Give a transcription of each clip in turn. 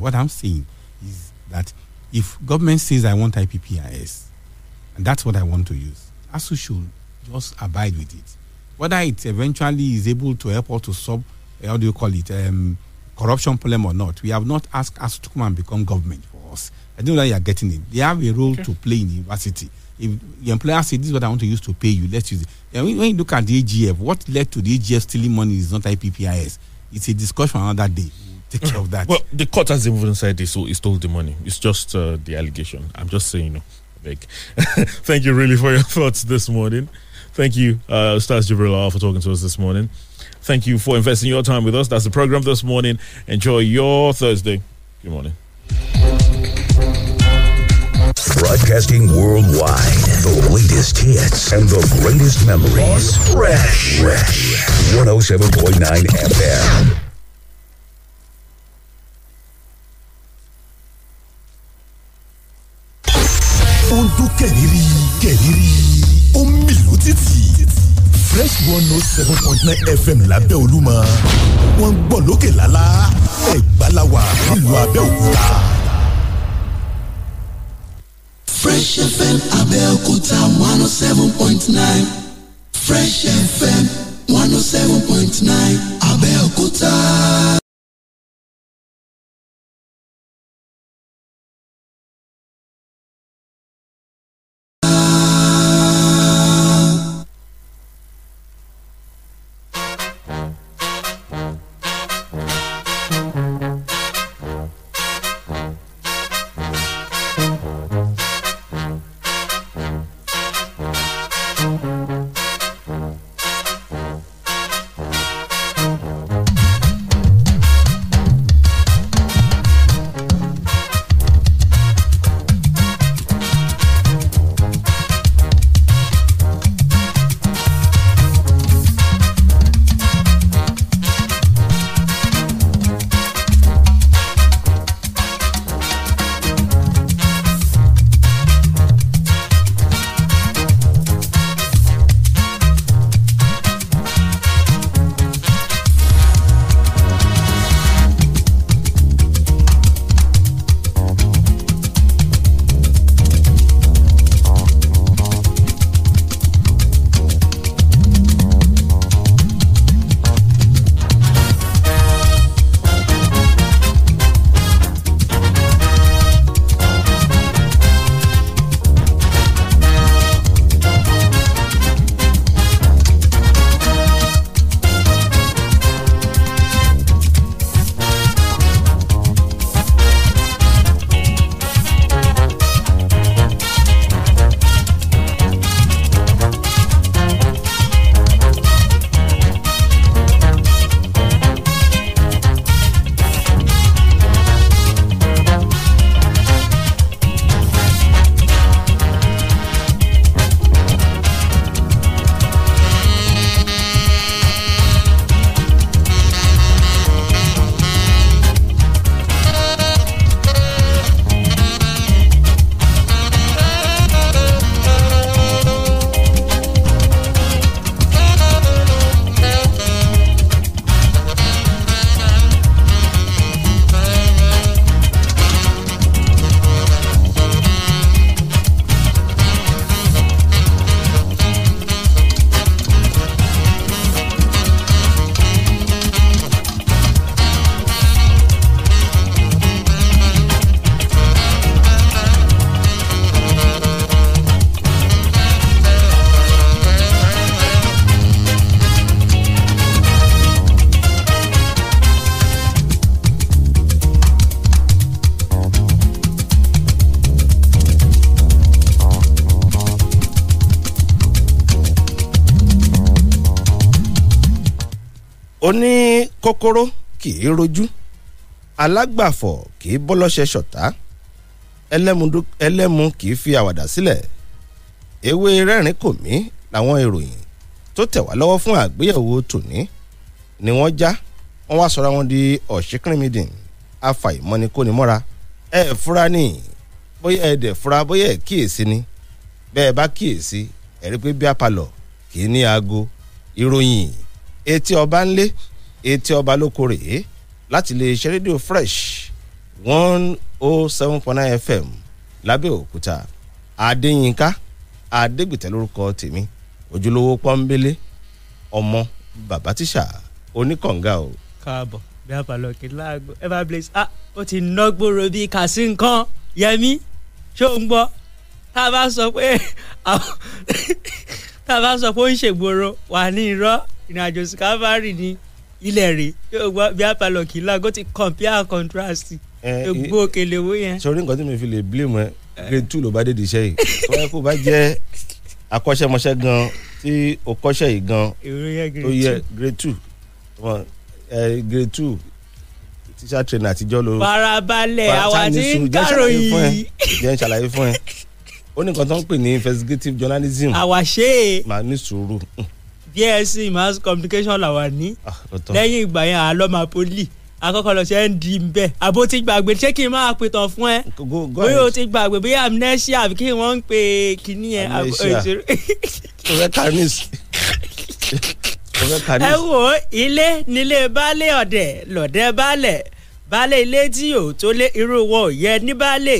What I'm saying is that if government says I want IPPIS, and that's what I want to use, ASU should just abide with it. Whether it eventually is able to help us to solve, eh, how do you call it, um, corruption problem or not, we have not asked ASU to come and become government for us. I don't know that you are getting it. They have a role okay. to play in university. If the employer says, This is what I want to use to pay you, let's use it. And when you look at the AGF, what led to the AGF stealing money is not IPPIS. It's a discussion another day take care of that. Well, the court has even said he stole, he stole the money. It's just uh, the allegation. I'm just saying, no. Like, thank you really for your thoughts this morning. Thank you, uh, Stas Jibril, for talking to us this morning. Thank you for investing your time with us. That's the program this morning. Enjoy your Thursday. Good morning. Broadcasting worldwide, the latest hits and the greatest memories. Fresh, Fresh. 107.9 FM. ó ń dún kẹ̀rìírí kẹ̀rìírí ó ń mìlú títì fresh one note oh seven point nine fm lábẹ́ olúmọ wọ́n ń gbọ́ lókè lálá ẹ̀gbálawa nílùú abẹ́òkúta. fresh fm abẹ́òkúta one oh seven point nine fresh fm one oh seven point nine abẹ́òkúta. kòkòrò kì í rojú alágbàfọ̀ kì í bọ́ lọ́sẹ̀ ṣọ̀tá ẹlẹ́mu kì í fi àwàdà sílẹ̀ ewé rẹ́rìn kò mí làwọn ìròyìn tó tẹ̀ wá lọ́wọ́ fún àgbéyẹ̀wò tòní ni wọ́n já wọ́n wá sọra wọn di ọ̀ṣínkìrìmìdìn afàìmọ́nikónimọ́ra ẹ fura ni bóyá ẹ dẹ̀ fura bóyá ẹ kíyèsí ni bẹ́ẹ̀ bá kíyèsí ẹ rí pé bí apalọ̀ kì í ní aago ìròyìn etí ọba ńlé etí ọba lóko rèé láti lè ṣe rédíò fresh one oh seven point nine fm lábẹ́òkúta adéyínká adégbìtẹ́ lórúkọ tèmi ojúlówó pọ́nbélé ọmọ bàbá tíṣà oníkànga o. káàbọ̀ bí a pàlọ́ kí láàgbọ̀ ever blaze ah ó ti nọ́gbòrò bíi kàsí nǹkan yẹmí ṣó ń gbọ́ tá a bá sọ pé tá a bá sọ pé ó ń ṣègboro wà ní irọ́ ìrìnàjò sí káfárì ni ilẹ̀ rè bí a palọ̀ kì í la go ti compare and contrast gbogbo òkèlè owó yẹn. sọrí nǹkan tí mi fi lè blame ẹ grade two ló bá dé di iṣẹ́ yìí tó yẹ kó bá jẹ́ akọ́ṣẹ́mọṣẹ́ gan tí o kọ́ṣẹ́ yìí gan tó yẹ grade two grade two tíṣà trainer àtijọ́ ló. farabalẹ̀ àwa ti ń kàròyìn. jẹ́ ń ṣàlàyé fún ẹ ó ní nǹkan tó ń pè ní investigative journalism. àwàṣe. màá ní sùúrù. VSC mass communication la làwà ní ah, lẹ́yìn ìgbà yẹn àlọ́ máa poli akọkọ lọ ṣe ń di bẹ àbó ti gbàgbé ṣé kí n máa pè tán fún ẹ bóyá o ti gbàgbé bóyá amnesia àbí kí wọn ń pè kíní yẹn. amnesia overcanis. ẹ wo ilé nílé baálé ọ̀dẹ̀ lọ́dẹ̀ baálẹ̀ baálé ilé tí yóò tó lé irú wọn ò yẹ ní baálé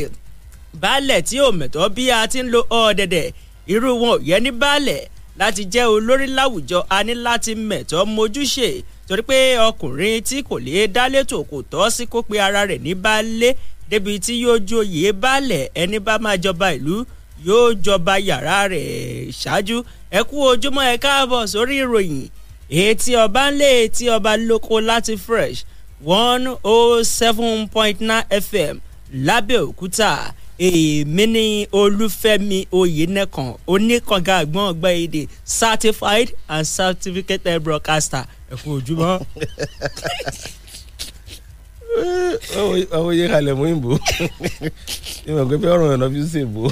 baálẹ̀ tí yóò mẹ̀tọ́ bí a ti ń lo ọ̀dẹ̀dẹ̀ irú wọn ò yẹ ní baálẹ̀ láti jẹ́ olórí láwùjọ a ní láti mẹ̀tọ́ mojúṣe torí pé ọkùnrin tí kò lè dá létò kò tọ́ sí kó pe ara rẹ̀ ní baálé débi tí yóò joyè baálẹ̀ ẹni bá máa jọba ìlú yóò jọba yàrá rẹ̀ ṣáájú ẹ kú ojúmọ́ ẹ káàbọ̀ sórí ìròyìn etí ọba ńlé etí ọba lóko láti fresh one oh seven point nine fm lábẹ́òkúta èmi ní olúfẹ́mi oyinẹ̀kan oníkanga àgbọn ọgbà èdè certified and certificated broadcaster ẹ kú ojúmọ́. àwọn yẹn kalẹ̀ mú ìbò ìmọ̀ pé ọ̀rùn ọ̀nà fi ṣe ìbò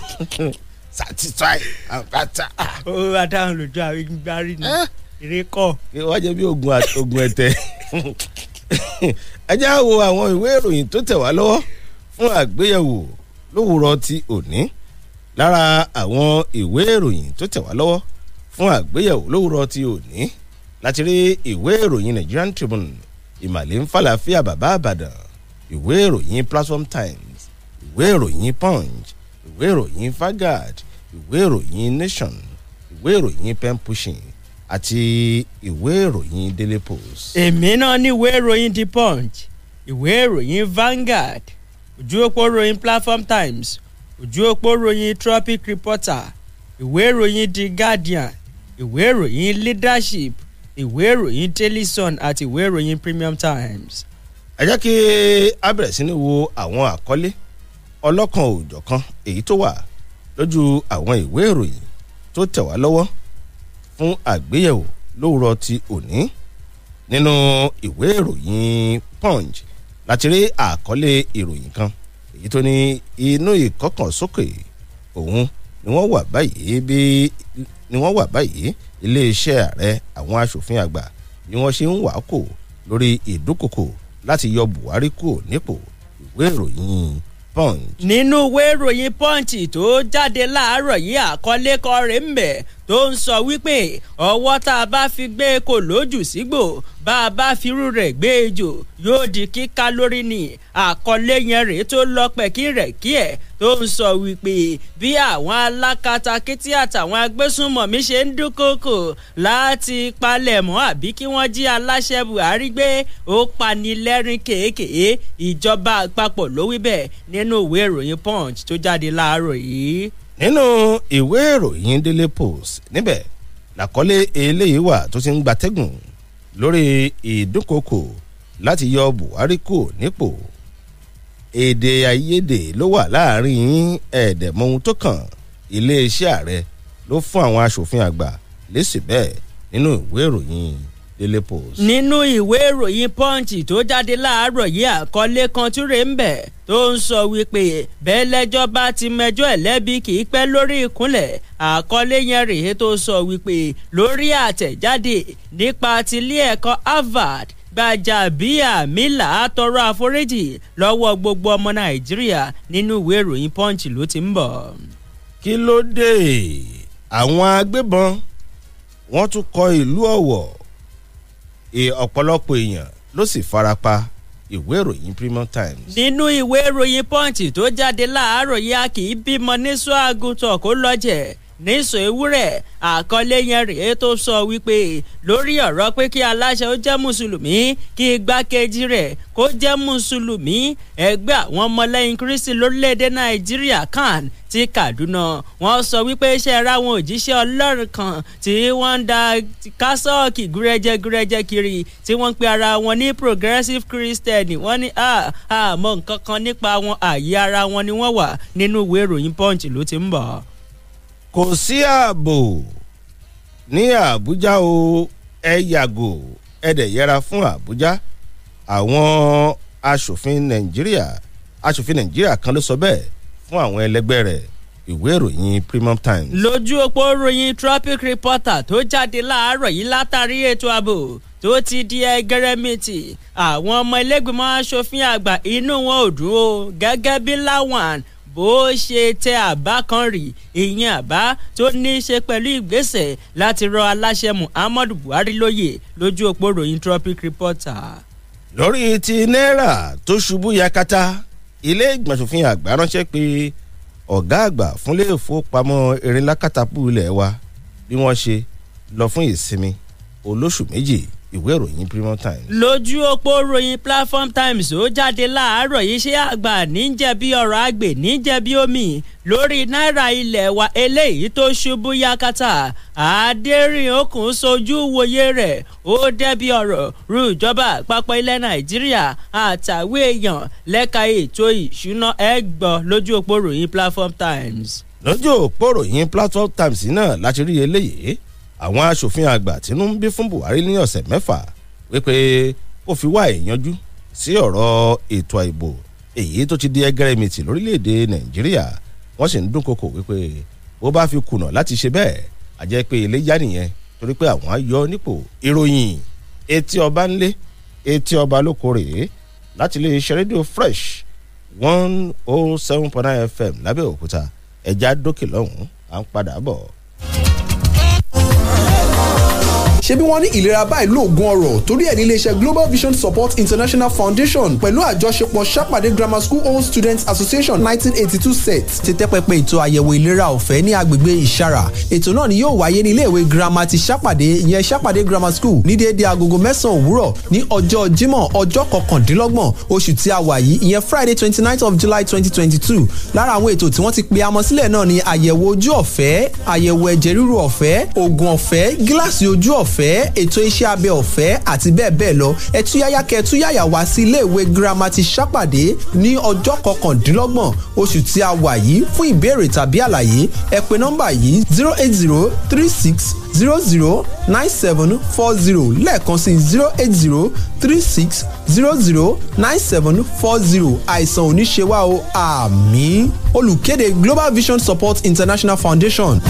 certified and better. Ah, ó bá dáhùn lójú àwọn ìgbárí ni ìrékọ́. wọ́n jẹ́ bí oògùn ẹ̀tẹ̀ ẹ já àwọn ìwé ìròyìn tó tẹ̀ wá lọ́wọ́ fún àgbéyẹ̀wò lówùúrọ̀ ti òní lára àwọn ìwé ìròyìn tó tẹ̀ wá lọ́wọ́ fún àgbéyẹ̀wò lówùúrọ̀ ti òní láti rí ìwé ìròyìn Nigerian Tribune ìmàlẹ́ ń falàfíà bàbá àbàdàn ìwé ìròyìn Platform Times ìwé ìròyìn Punch ìwé ìròyìn Vanguard ìwé ìròyìn Nation ìwé ìròyìn pen pushing àti ìwé ìròyìn Daily Post. èmi náà ní ìwé ìròyìn The Punch ìwé ìròyìn Vanguard ojú òpó ròyìn platform times ojú òpó ròyìn tropic reporter ìwé ìròyìn the guardian ìwé ìròyìn leadership ìwé ìròyìn daily sun àti ìwé ìròyìn premium times. ẹ jẹ́ kí a bẹ̀rẹ̀ sí ní wo àwọn àkọlé ọlọ́kan òòjọ̀kan èyí tó wà lójú àwọn ìwé ìròyìn tó tẹ̀ wá lọ́wọ́ fún àgbéyẹ̀wò lówùrọ̀ ti òní nínú ìwé ìròyìn punch láti rí àkọlé ìròyìn kan èyí tó ní inú ìkọkànsókè òun ni wọ́n wà báyìí bí ni wọ́n wà báyìí iléeṣẹ́ ààrẹ àwọn aṣòfin àgbà ni wọ́n ṣe ń wà kò lórí ìdúkòkò láti yọ Buhari kò nípò ìwé ìròyìn Punch. nínú ìwé ìròyìn Punch tó jáde láàárọ̀ yìí àkọlé kọrin mbẹ̀ tó ń sọ wípé ọwọ́ tá a bá fi gbé kò lójú sígbò bá a bá firú rẹ̀ gbé ejò yóò di kíká lórí ni àkọlé yẹn rèé tó lọ́pẹ̀ kí rẹ̀ kí ẹ̀ tó ń sọ wípé bí àwọn alákatakítí àtàwọn agbésùnmọ̀mí ṣe ń dúnkòkò láti palẹ̀mọ́ àbí kí wọ́n jí aláṣẹ Buhari gbé ó panilẹ́rìn kéékèé ìjọba àpapọ̀ ló wí bẹ́ẹ̀ nínú ìwé ìròyìn Punch tó jáde láàárọ̀ yìí nínú ìwé ìròyìn Daily Post níbẹ̀ làkọ́lé eléyìí wà tó ti ń gbatẹ́gùn lórí ìdúnkokò láti yọ Buhari kù nípò èdè àìyedè ló wà láàrin yín ẹ̀ẹ́dẹ̀mọ́hun tó kàn iléeṣẹ́ ààrẹ ló fún àwọn aṣòfin àgbà lésì bẹ́ẹ̀ nínú ìwé ìròyìn Daily Post. nínú ìwé ìròyìn punch tó jáde láàárọ̀ yìí àkọlé kan túre ń bẹ̀ tó ń sọ wípé bẹ́ẹ̀ lẹ́jọ́ bá ti mẹjọ́ ẹ̀ lẹ́bi kì í pẹ́ lórí ìkúnlẹ̀ àkọlé yẹn rèé tó sọ wípé lórí àtẹ̀jáde nípa tilé ẹ̀kọ́ Harvard Gbajabiamila tọrọ àforíjì lọ́wọ́ gbogbo ọmọ Nàìjíríà nínú ìwé ìròyìn punch ló ti ń bọ̀. kí ló dé àwọn agbébọn wọ́n tún kọ ìlú Ọ̀wọ̀ ọ̀pọ̀lọpọ̀ èèyàn ló sì farapa ìwé ìròyìn Premium Times. nínú ìwé ìròyìn Punch tó jáde láàárọ̀ yìí a kì í bímọ ní sọ àgùntàn kó lọ jẹ níṣó ewúrẹ́ àkọlé yẹn rèé tó sọ wípé lórí ọ̀rọ̀ pé kí aláṣẹ ó jẹ́ mùsùlùmí kí igbákejì rẹ̀ kó jẹ́ mùsùlùmí ẹgbẹ́ àwọn ọmọlẹ́yìn kristi lórílẹ̀‐èdè nàìjíríà kan ti kaduna wọ́n sọ wípé iṣẹ́ ara àwọn òjíṣẹ́ ọlọ́run kan tí wọ́n ń da kásọ́ọ̀kì gúrẹ́jẹ gúrẹ́jẹ kiri tí wọ́n ń pe ara wọn ní progressive christian wọ́n ní àmọ́ nǹkan kan nípa wọn àyè ara wọn ni wọ́n wà nínú ìwé ìròyìn punch ló ti ń bọ̀ kò sí ààbò ní àbújá o ẹ yàgò ẹ dẹ̀ yẹra fún àbújá àwọn aṣòfin nàìjíríà aṣòfin nàìjíríà kan ló sọ bẹ́ẹ̀ fún àwọn ẹlẹgbẹ́ rẹ̀ ìwé ìròyìn Premium Times. lójú òpó ròyìn tropic reporter tó jáde láàárọ̀ yìí látàrí ètò ààbò tó ti di ẹgẹrẹmìtì àwọn ọmọ ẹlẹgbẹmọ aṣòfin àgbà inú wọn ò dùn ó gẹ́gẹ́ bí láwọn bó ṣe tẹ àbá kan rì ìyẹn àbá tó ní í ṣe pẹ̀lú ìgbésẹ̀ láti rọ aláṣẹ muhammadu buhari lóyè lójú òpó ròyìn tropic reporter. lórí ti náírà tó ṣubú yakata ilé ìgbọ̀nsòfin àgbà ránṣẹ́ pé ọ̀gá àgbà fúnlé ìfowópamọ́ erinlá katapu ilé wa bí wọ́n ṣe lọ fún ìsinmi olóṣù méjì ìwé ìròyìn Premium Times. lójú òpó ròyìn Platform Times ó jáde láàárọ̀ yìí ṣé àgbà níjẹ̀bi ọ̀rọ̀ àgbè níjẹ̀bi omi lórí náírà ilẹ̀ wa eléyìí tó ṣubú yakata adẹ́rìn-ín-okùn sojú wòye rẹ̀ ó dẹ́bi ọ̀rọ̀ ru ìjọba àpapọ̀ ilẹ̀ Nàìjíríà àtàwé èèyàn lẹ́ka ètò ìṣúná ẹgbọ́n lójú òpó ròyìn Platform Times. lójú òpó ròyìn Platform Times náà láti rí eléyìí àwọn aṣòfin àgbà tínú ń bí fún Buhari ní ọ̀sẹ̀ mẹ́fà wípé ó fi wá ìyanjú sí ọ̀rọ̀ ètò àìbò èyí tó ti di ẹgẹrẹmìtì lórílẹ̀‐èdè Nàìjíríà wọ́n sì ń dúnkokò wípé bó bá fi kùnà láti ṣe bẹ́ẹ̀ àjẹ́ pé ilé yá nìyẹn torí pé àwọn á yọ nípò ìròyìn etí ọba ńlé etí ọba lóko rèé láti lè ṣe rédíò fresh one oh seven point nine fm lábẹ́òkúta ẹ̀já dókè lọ́hùn-ún à ń padà bọ̀. ṣebí wọ́n ní ìlera báyìí lóògùn ọ̀rọ̀ torí ẹ̀ ní iléeṣẹ́ global vision support international foundation pẹ̀lú àjọṣepọ̀ ṣàpàdé grammar school old students association nineteen eighty two set. ti tẹ́pẹpẹ ètò àyẹ̀wò ìlera ọ̀fẹ́ ní agbègbè ìṣara ètò náà ni yóò wáyé ní iléèwé girama ti ṣàpàdé ìyẹn ṣàpàdé grammar school ní déédéé agogo mẹ́sàn-án òwúrọ̀ ní ọjọ́ jímọ̀ ọjọ́ kọkàndínlọ́gbọ̀n oṣù tí a wà yìí ìyẹn friday twenty nine of july twenty twenty two lára àwọn ètò tí wọ́n ti pe amọ̀ sílẹ̀ náà ni àyẹ̀wò ojú ọ̀fẹ́ àyẹ̀wò ẹ̀jẹ̀ ríru ọ̀fẹ́ oògùn ọ̀fẹ́ gíláàsì ojú ọ̀fẹ́ ọ̀fẹ́ ètò iṣẹ́ abẹ ọ̀fẹ́ àti bẹ́ẹ̀ bẹ́ẹ̀ lọ ẹtúyáyá kẹtúyáyá wá sí iléèwé girama ti ṣàpàdé ní ọjọ́ kọkàndínlọ́gbọ̀n oṣù tí a wà yìí fún ìbéèrè tàbí àlàyé ẹ pè nọ́mbà yìí zero eight zero three six zero zero nine seven four zero lẹ́ẹ̀kan sí zero eight zero three six zero zero nine seven four zero àìsàn ò ní ṣe wá o àmì olùkéde Global Vision Support International Foundation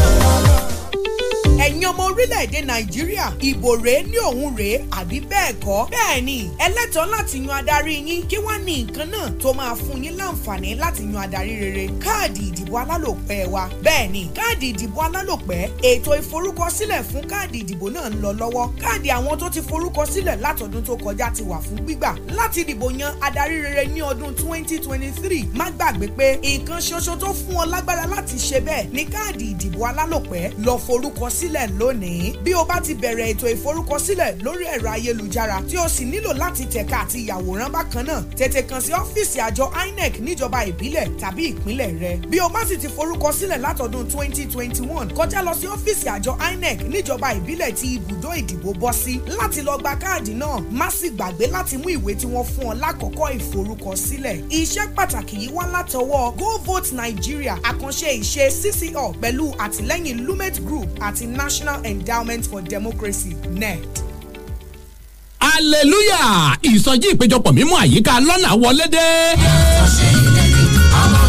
ẹ̀yin ọmọ orílẹ̀-èdè nàìjíríà ìbò rèé ní òun rèé àbí bẹ́ẹ̀ kọ́ bẹ́ẹ̀ ni ẹlẹ́tọ̀ọ́ láti yan adarí yín kí wọ́n ní nǹkan náà tó máa fún yín láǹfààní láti yan adarí rere káàdì ìdìbò alálòpẹ́ wa bẹ́ẹ̀ ni káàdì ìdìbò alálòpẹ́ ètò ìforúkọsílẹ̀ fún káàdì ìdìbò náà ń lọ lọ́wọ́ káàdì àwọn tó ti forúkọsílẹ̀ látọdún tó kọjá ti wà fún gbígbà láti dìbò yan adarí rere ní ọdún 2023 má gbàgbé pé nǹkan ṣoṣo tó fún ọ lágbára láti ṣe bẹ́ẹ̀ ni káàdì ìdìbò alálòpẹ́ lọ forúkọsílẹ̀ lónìí bí o bá ti bẹ̀rẹ̀ ètò ìforúkọsílẹ̀ lórí ẹ̀rọ ayélujára tí o sì nílò láti tẹ̀ka àti yàwòrán bákan náà tètè kàn sí ọ́fíìsì àjọ INEC níjọba ìbílẹ̀ tàbí ìpínlẹ̀ rẹ bí o bá sì ti forúkọsílẹ̀ látọdún 2021 kọjá lọ sí ọ́fíìsì àjọ INEC níjọba ìbílẹ̀ tí ibùdó ìdìbò bọ́ sí láti lọ gba káàdì náà má sì gbàgbé láti mú ìwé tí wọ́n fún ọ lákọ̀ọ́kọ́ ìforúkọsílẹ̀ iṣẹ́ pàtàkì yìí wá látọwọ́ GoVote Nigeria àkànṣe ìṣe CCO pẹ̀lú àtìlẹ́yìn Lumet Group àti National National Endowment for Democracy NED hallelujah ìsọjí ìpéjọpọ̀ mímú àyíká lọ́nà wọlé dé. yàtọ̀ ṣe ìlérí àwọn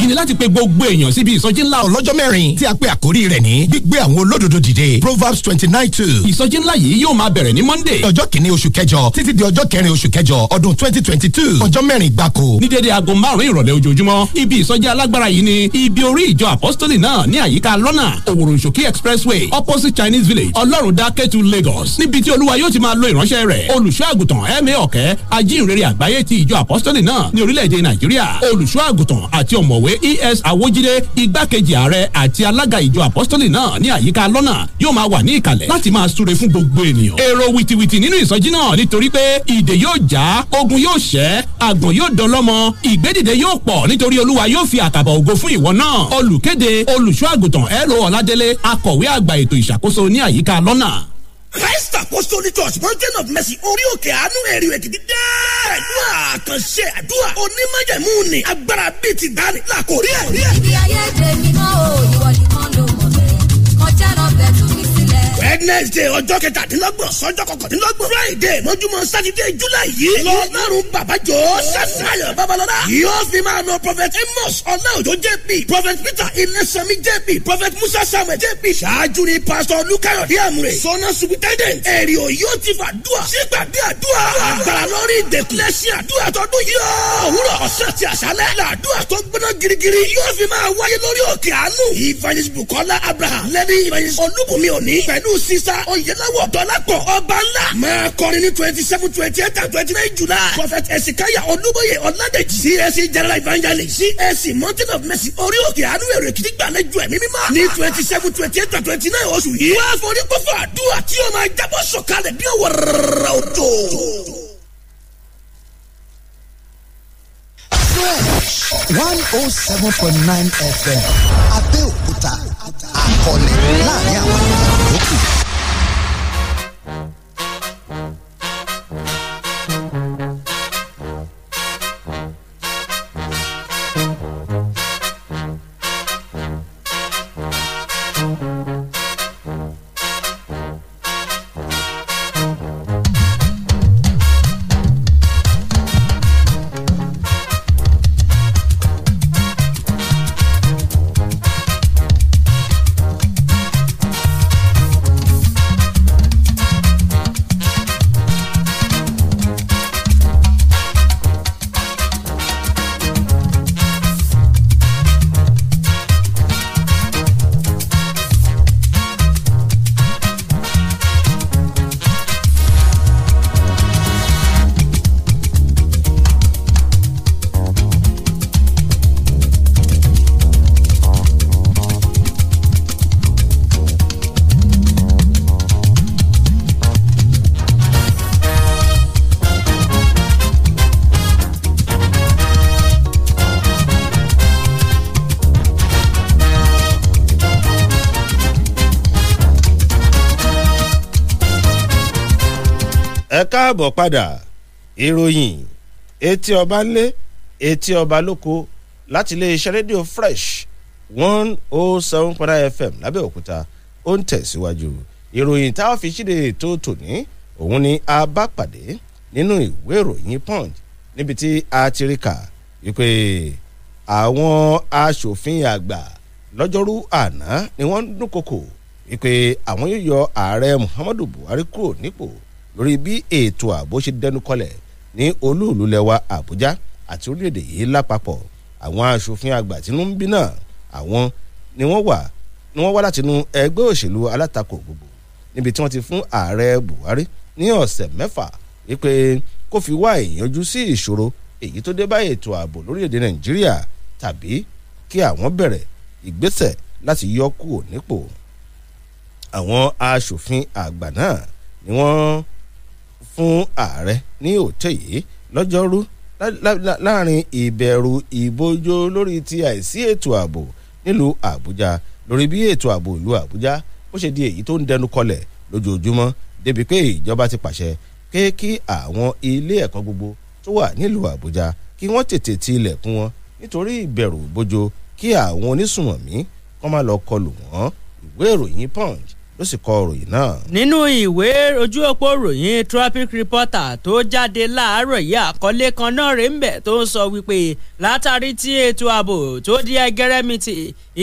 yìí ni láti pe gbogbo èèyàn síbi ìsọjí ńlá ọlọ́jọ́ mẹ́rin tí a pe àkórí rẹ̀ ní gbígbé àwọn olódodo dìde Proverbs twenty nine two. ìsọjí ńlá yìí yóò máa bẹ̀rẹ̀ ní Monday ọjọ́ kìíní oṣù kẹjọ títí di ọjọ́ kẹrin oṣù kẹjọ ọdún twenty twenty two ọjọ́ mẹ́rin gbáko. ní dédé aago márùn ìrọ̀lẹ́ ojoojúmọ́ ibi ìsọjí alágbára yìí ni ibi orí ìjọ apostoli náà ní àyíká lọ́nà òwòròṣòkí expressway akọ̀wé es awojide igbákejì ààrẹ àti alága ìjọ apostoli náà ní àyíká lọ́nà yóò máa wà ní ìkàlẹ̀ láti máa súre fún gbogbo ènìyàn. èrò wìtìwìtì nínú ìsọjí náà nítorí pé ìdè yóò já ogun yóò ṣẹ́ àgbọ̀n yóò dọlọ́mọ ìgbédìde yóò pọ̀ nítorí olúwa yóò fi àkàbà ògo fún ìwọ náà olùkéde olùṣọ́ ẹ̀rọ ọ̀ládélé akọ̀wé àgbà ètò ìṣàkóso ní àyíká lọ́nà Christ Apostolic Church Mountain of Mercy orí òkè àánú ẹ̀rí èkìtì dáa. Àdúrà àkànṣe àdúrà onímájẹ̀mú ni agbára bíi ti dání làkòrí ẹ̀. Ìdí ayé jẹ́ mímọ́ òyìnbó ni. wednesday ọjọ́ kẹtàdínlọ́gbọ̀n sọ́jọ́ kọkàndínlọ́gbọ̀n friday mọ́júmọ́ sátidé july yìí lọ́lọ́run babajọ sẹ́sàyọ̀ babalọ́lá yóò fi máa nọ prophet amos ọ̀nàòjò jp prophet peter ilẹ̀sánmi jp prophet musa samuel jp ṣáájú ni pastor lukayo diamure sọnà superintendent ẹ̀rí o yóò ti fà dùà sígbàdí àdùà àgbàrá lọ́rí ìdẹ̀kulẹ̀sí àdùà tọdún yóò òwúrọ̀ ọ̀sẹ̀ ti àṣálẹ̀ làdùà tó gbóná girigiri yóò fi máa wáyé lórí òkè àánú evangelist bukola abraham lẹ́ni evangelist olúbùnmi òní pẹ̀lú sísá oyèláwọ̀ dọ́làpọ̀ ọba ńlá máa kọrin ní twenty seven twenty eight and twenty nine july prophet esikaya olúmọye ọ̀làdẹ̀jì csc e general evangelist csc e mountain of mercy orí òkè àánú èrè kìtì gbàlejò ẹ̀mí mímá ní twenty seven twenty eight and twenty nine oṣù yìí wá forí kófò àdúrà tí ó máa jábọ̀ sọ̀kalẹ̀ bí ó wọ̀rọ̀rọ̀rọ̀ òjò. one oh seven point nine fm abẹ́òkúta akọni láàrin àwọn. káàbọ̀ padà ìròyìn etí ọba ńlé etí ọba lóko láti iléeṣẹ́ rédíò fresh one oh seven point nine fm lábẹ́òkúta ó ń tẹ̀síwájú ìròyìn tá a fi ṣíde ètò tòní òun ni a bá pàdé nínú ìwé ìròyìn punch níbi tí a ti rí kà wípé àwọn aṣòfin àgbà lọ́jọ́rú àná ni wọ́n ń dúnkokò wípé àwọn yóò yọ ààrẹ muhammadu buhari kúrò nípò lórí bí ètò ààbò ṣe dẹnu kọlẹ̀ ní olúùlú lẹwa àbújá àti orílẹ̀-èdè yìí lápapọ̀ àwọn aṣòfin àgbà tínú ń bí náà àwọn ni wọ́n wà ni wọ́n wá látinú ẹgbẹ́ òṣèlú alátakò gbogbo níbi tí wọ́n ti fún ààrẹ buhari ní ọ̀sẹ̀ mẹ́fà wípé kó fi wá ìyanjú sí ìṣòro èyí tó dé bá ètò ààbò lórílẹ̀‐èdè nàìjíríà tàbí kí àwọn bẹ̀rẹ̀ ìgbésẹ̀ láti yọ kúrò nípò àwọn aṣòfin àgbà náà ni wọ́n fún ààrẹ ní òtẹ́ yìí lọ́jọ́rú láàrin ìbẹ̀rù ìbòjó lórí ti àìsí ètò ààbò nílùú àbújá lórí bí ètò ààbò ìlú àbújá ó ṣe di èyí tó ń dẹnu kọlẹ̀ lójoojúmọ́ débi pé ìjọba ti pàṣẹ pé kí àwọn ilé ẹ̀kọ́ gbogbo tó wà nílùú àbújá kí wọ́n tètè ti ilẹ̀kùn wọn nítorí ìbẹ̀rù ìbòjó kí àwọn onísùnmọ̀mí kọ́ máa lọ kọlù wọ́n ìwé ìròyìn punch ló sì kọ ròyìn náà. nínú ìwé ojú òpó ròyìn traffic reporter tó jáde láàárọ̀ yìí àkọlé kan náà rèé ń bẹ̀ tó ń sọ wípé látàrí tí ètò ààbò tó di ẹgẹrẹmìtì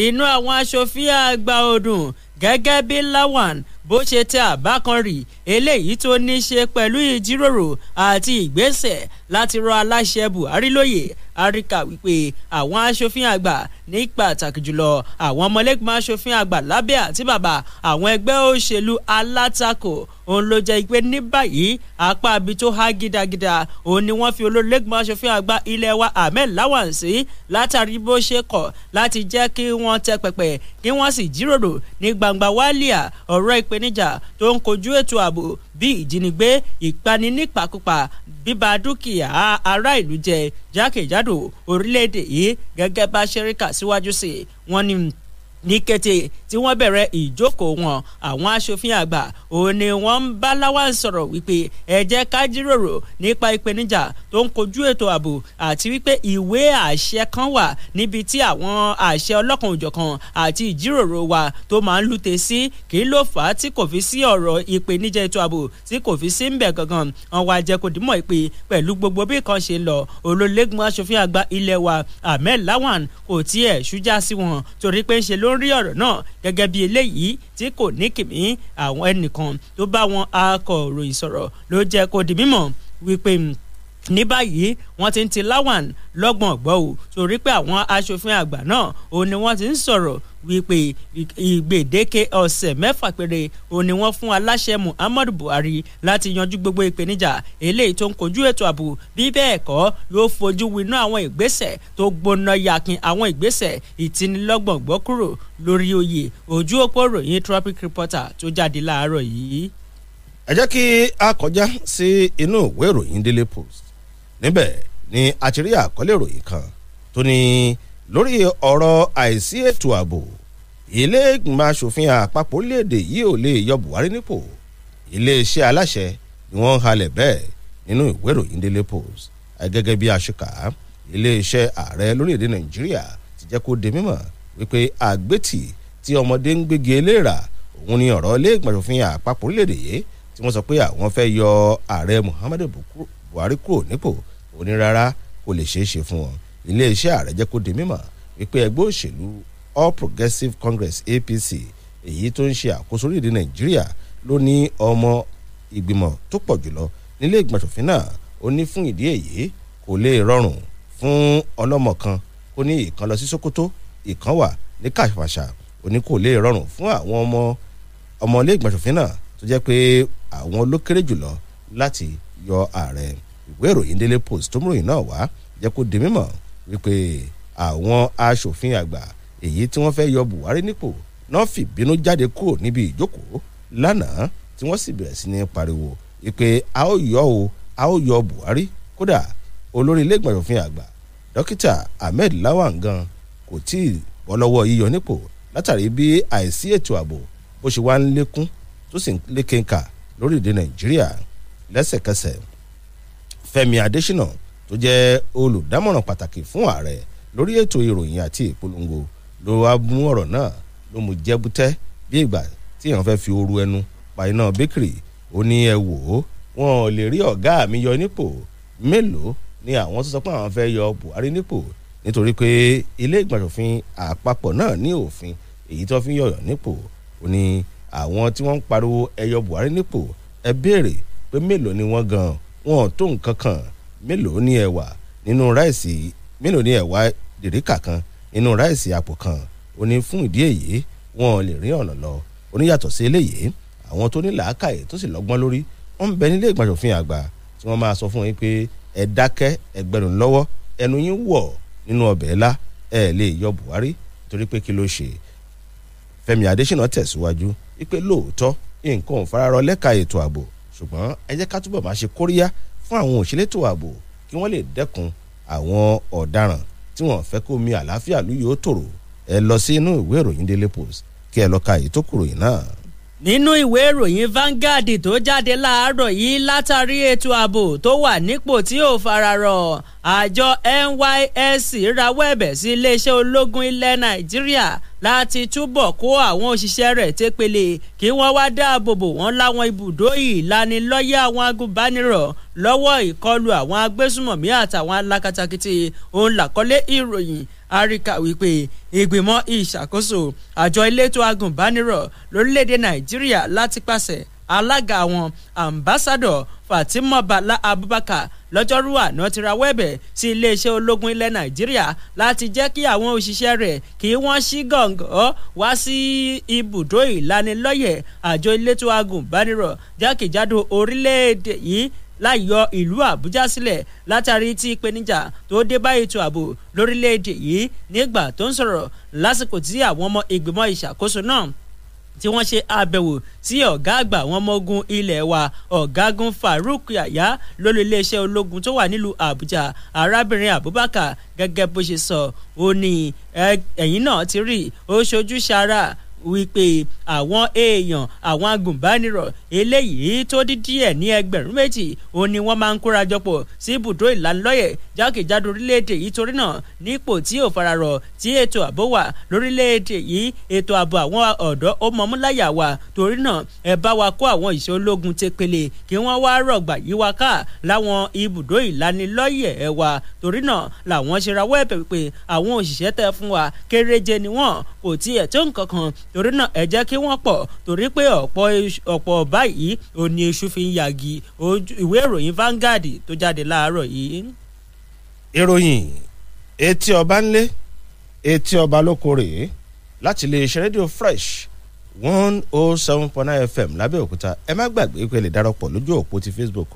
inú àwọn aṣòfin àgbà ọdún gẹ́gẹ́ bí lawan bó ṣe tẹ àbá kan rì eléyìí tó ní ṣe pẹ̀lú ìjíròrò àti ìgbésẹ̀ láti rọ aláṣẹ buhari lóye aríkà wípé àwọn aṣòfin àgbà ní pàtàkì jùlọ àwọn ọmọlẹ́gbọ̀n aṣòfin àgbà lábẹ́ àti bàbá àwọn ẹgbẹ́ òṣèlú alátakò òun ló jẹ́ pé ní báyìí apá abi tó há gidagida òun ni wọ́n fi olórí lẹ́gbọ̀n aṣòfin àgbà ilé wa ahmed lawan látàrí bó ṣe kọ̀ láti jẹ́ kí wọ́n tẹ pẹ̀pẹ̀ kí wọ́n sì jíròrò ní gbangba wálíà ọ̀rọ̀ ìp ìpèníjà tó ń kojú ètò ààbò bíi ìjínigbé ìpaninípakúpa bíba dúkìá ará ìlú jẹ jákèjádò orílẹ̀-èdè yìí gẹ́gẹ́ bá ṣe rí kà síwájú sí i wọ́n ní ní kété tí wọ́n bẹ̀rẹ̀ ìjókòó wọn àwọn aṣòfin àgbà òun ni wọ́n ń bá láwọn sọ̀rọ̀ wípé ẹ jẹ́ ká jíròrò nípa ìpèníjà tó ń kojú ètò ààbò àti wípé ìwé àṣẹ kan wà níbi tí àwọn àṣẹ ọlọ́kan òjọ̀kan àti ìjíròrò wa tó máa ń lùtẹ̀ sí kí ló fà á tí kò fi sí ọ̀rọ̀ ìpèníjà ètò ààbò tí kò fi sí ń bẹ̀ gangan wọn wá jẹ́ kó dìmọ̀ pé pẹ̀lú gbogbo Lawan kò tiẹ̀ ṣújá sí wọn torí pé lórí ọ̀rọ̀ náà gẹ́gẹ́ bí eléyìí tí kò ní kìmí àwọn ẹnìkan tó bá wọn akọ̀ròyìn sọ̀rọ̀ ló jẹ́ kó di mímọ̀ wípé ní báyìí wọ́n ti ń ti lawan lọ́gbọ̀n ọ̀gbọ́ o torí pé àwọn aṣòfin àgbà náà òun ni wọ́n ti ń sọ̀rọ̀ wípé ìgbèdéke ọ̀sẹ̀ mẹ́fà péré òun ni wọ́n fún aláṣẹ Muhammadu Buhari láti yanjú gbogbo ìpèníjà eléyìí tó ń kojú ètò ààbò bí bẹ́ẹ̀ kọ́ yóò fojú winá àwọn ìgbésẹ̀ tó gbóná yakin àwọn ìgbésẹ̀ ìtinilọ́gbọ̀ngbọ́ kúrò lórí oyè ojú òpó ròyìn tropic reporter tó jáde láàárọ̀ yìí. ẹ jẹ́ kí a kọjá sí inú ìwé ìròyìn Daily Post níbẹ̀ ni a ti rí àkọlé ìròyìn kan tó ní lórí ọ̀rọ̀ àìsí ètò ààbò ilé ìgbìmọ̀ asòfin àpapọ̀ orílẹ̀-èdè yìí ò lè yọ Buhari nípò iléeṣẹ́ aláṣẹ ni wọ́n ń halẹ̀ bẹ́ẹ̀ nínú ìwé ìròyìn Daily Post gẹ́gẹ́ bí aṣọkà iléeṣẹ́ ààrẹ lórílẹ̀-èdè Nàìjíríà ti jẹ́ kó di mímọ̀ wípé àgbẹ̀tì tí ọmọdé ń gbégi eléèrà òun ni ọ̀rọ̀ ilé ìgbìmọ̀ asòfin àpapọ̀ orílẹ̀ yìí tí wọ́n sọ pé àwọn fẹ́ yọ ààrẹ Muhammadu Buhari kúrò nípò ó ní rárá kò lè ṣeé ṣe fún wọn iléeṣẹ́ ààrẹ jẹ́ kó di mímọ̀ wípé ẹgbẹ́ òṣèlú All Progressives Congress APC èyí tó ń ṣe àkóso orílẹ̀-èdè Nàìjíríà ló ní ọmọ ìgbìmọ̀ tó pọ̀ jùlọ nílé ìgbìmọ̀ ṣòfin náà ó ní fún ìdí èyí kò lè rọrùn fún ọlọ́mọ kan kó ní ìkan lọ sí Sokoto ìkan wà ní Kàfàṣà ó ní kò lè rọrùn fún àwọn ọmọ ọmọ ilé ìgbìmọ̀ ṣòfin náà tó jẹ́ pé àwọn ló kéré jùlọ láti yọ ààrẹ ìwé ìròyìn Daily Post tó múròyìn náà wá jẹ́ kó di mímọ̀ wípé àwọn aṣòfin àgbà èyí tí wọ́n fẹ́ yọ Buhari nípò náà fìbínú jáde kúrò níbi ìjókòó lánàá tí wọ́n sì bẹ̀rẹ̀ sí ní pariwo wípé a ó yọ o a ó yọ Buhari kódà olórí ilé ìgbìmọ̀ àgbà dókítà Ahmed Lawan gan kò tí ì bọ́ lọ́wọ́ yíyọ nípò látàrí bí àìsí ètò ààbò bó ṣe wá ń lékún tó sì ń lékenka lórílẹ̀‐èdè Nàìjíríà lẹ́sẹ̀kẹsẹ̀ Fẹ́mi Adésínà tó jẹ́ olùdámọ̀ràn pàtàkì fún ààrẹ lórí ètò ìròyìn àti ìpolongo ló wá mú ọ̀rọ̀ náà ló mú jẹ́bútẹ́ bí ìgbà tí èèyàn fẹ́ fi ooru ẹnu pa iná bíkìrì ó ní ẹ wò ó wọn ò lè rí ọ̀gá mi yọ nípò mélòó ni àwọn tó sọ pé àwọn fẹ́ yọ Buhari nípò nítorí pé ilé ìgbàsòfin àpapọ̀ náà ní òfin èyí tó fi ń yọ̀yọ̀ nípò ó ní àwọn tí wọ́n ń pariwo ẹ yọ Buhari nípò ẹ béèrè pé mélòó ni wọ́n gan wọn ò tó nǹkan kan mélòó ní ẹ̀wà nínú ráìsì mélòó ní ẹ̀wà dìríkà kan nínú ráìsì àpò kan ó ní fún ìdí èyí wọn ò lè rí ọ̀nà lọ ó ní yàtọ̀ sí eléyìí àwọn tó ní làákàyè tó sì lọ́gbọ́n lórí wọ́n ń bẹ nílé ìgbàjọ fún àgbà tí wọ́n máa sọ fún yín pé ẹ dákẹ́ ẹgbẹ̀rún lọ́wọ́ ẹnu yín wọ̀ nínú ọbẹ̀ ńlá ẹ lè yọ Buhari torí pé kí ló ṣe Fẹ́mi Adésínà tẹ̀síwájú wípé lóòótọ́ nǹkan ò fararọ lẹ́ka ètò ààbò ṣùgbọ́n ẹ jẹ́ ká túbọ̀ máa ṣe kóríyá fún àwọn òṣèlétò ààbò kí wọ́n lè dẹ́kun àwọn ọ̀daràn tí wọ́n fẹ́ kó mi àlàáfíà lù yóò tòrò ẹ lọ sí inú ìwé ìròyìn Daily Post kí ẹ lọ ka èyí tó kúròyìn náà nínú ìwé ìròyìn Vanguard tó jáde láàárọ̀ yìí látàrí ètò ààbò tó wà nípò tí ò fararọ̀ àjọ NYSC rawọ́ ẹ̀bẹ̀ sí iléeṣẹ́ ológun ilẹ̀ Nàìjíríà láti túbọ̀ kó àwọn òṣìṣẹ́ rẹ̀ tépele kí wọ́n wá dáàbòbò wọn láwọn ibùdó ìlanilọ́yẹ̀ àwọn agúnbánirọ̀ lọ́wọ́ ìkọlù àwọn agbésùmọ̀mí àtàwọn alákatakítí òun làkọ́lé ìròyìn àríkà wípé ìgbìmọ̀ ìṣàkóso àjọ elétò agúnbánirọ̀ lórílẹ̀‐èdè nàìjíríà láti pàṣẹ alága àwọn ambassadọ fatima bala abubakar lọ́jọ́rú àná ti rawọ́ ẹ̀bẹ̀ sí iléeṣẹ́ ológun ilẹ̀ nàìjíríà láti jẹ́ kí àwọn òṣìṣẹ́ rẹ̀ kí wọ́n ṣí gàngọ́ wá sí ibùdó ìlanilọ́yẹ̀ àjọ elétò agùnbánirọ̀ jákèjádò orílẹ̀-èdè yìí láyọ ìlú àbújá sílẹ̀ látàrí tí ìpèníjà tó dé bá ètò ààbò lórílẹ̀-èdè yìí nígbà tó ń sọ̀rọ̀ lásìkò tí àwọn ọmọ ìgbìmọ̀ ìṣàkóso náà tí wọ́n ṣe àbẹ̀wò sí ọ̀gá àgbà àwọn ọmọ ogun ilẹ̀ wa ọ̀gágun Farouk Yahya lórí iléeṣẹ́ ológun tó wà nílùú Àbújá arábìnrin Abubakar gẹ́gẹ́ bó ṣe sọ ó ní ẹ̀yìn náà ti rí ó ṣojú ṣara wípé àwọn èèyàn àwọn agùnbánirọ̀ eléyìí tó dín díẹ̀ ní ẹgbẹ̀rún méjì òun ni wọ́n máa ń kórajọpọ̀ sí ibùdó ìlanilọ́yẹ̀ jákèjádò orílẹ̀-èdè yìí torí náà nípò tí ò fararọ̀ tí ètò ààbò wà lórílẹ̀-èdè yìí ètò ààbò àwọn ọ̀dọ́ ó mọ̀múláyà wà torí náà ẹ bá wa kó àwọn ìṣe ológun tepele kí wọ́n wá rọ̀gbà yí wa ká láwọn ibùdó ìlanilọ́yẹ̀ ẹ wa torí náà làwọn ṣe rawọ́ ẹ̀bẹ̀ pé àwọn òṣìṣẹ́ ni wọ́n kò tiẹ̀ torí náà ẹ jẹ́ kí wọ́n pọ̀ torí pé ọ̀pọ̀ báyìí ò ní iṣu fi ń yagi ìwé ìròyìn Vanguard tó jáde láàárọ̀ yìí. ìròyìn etí ọba ńlé etí ọba lóko rèé láti lè rédíò fresh one oh seven point nine fm lábẹ́òkúta ẹ má gbàgbé pé lè darapọ̀ lójú òpó ti facebook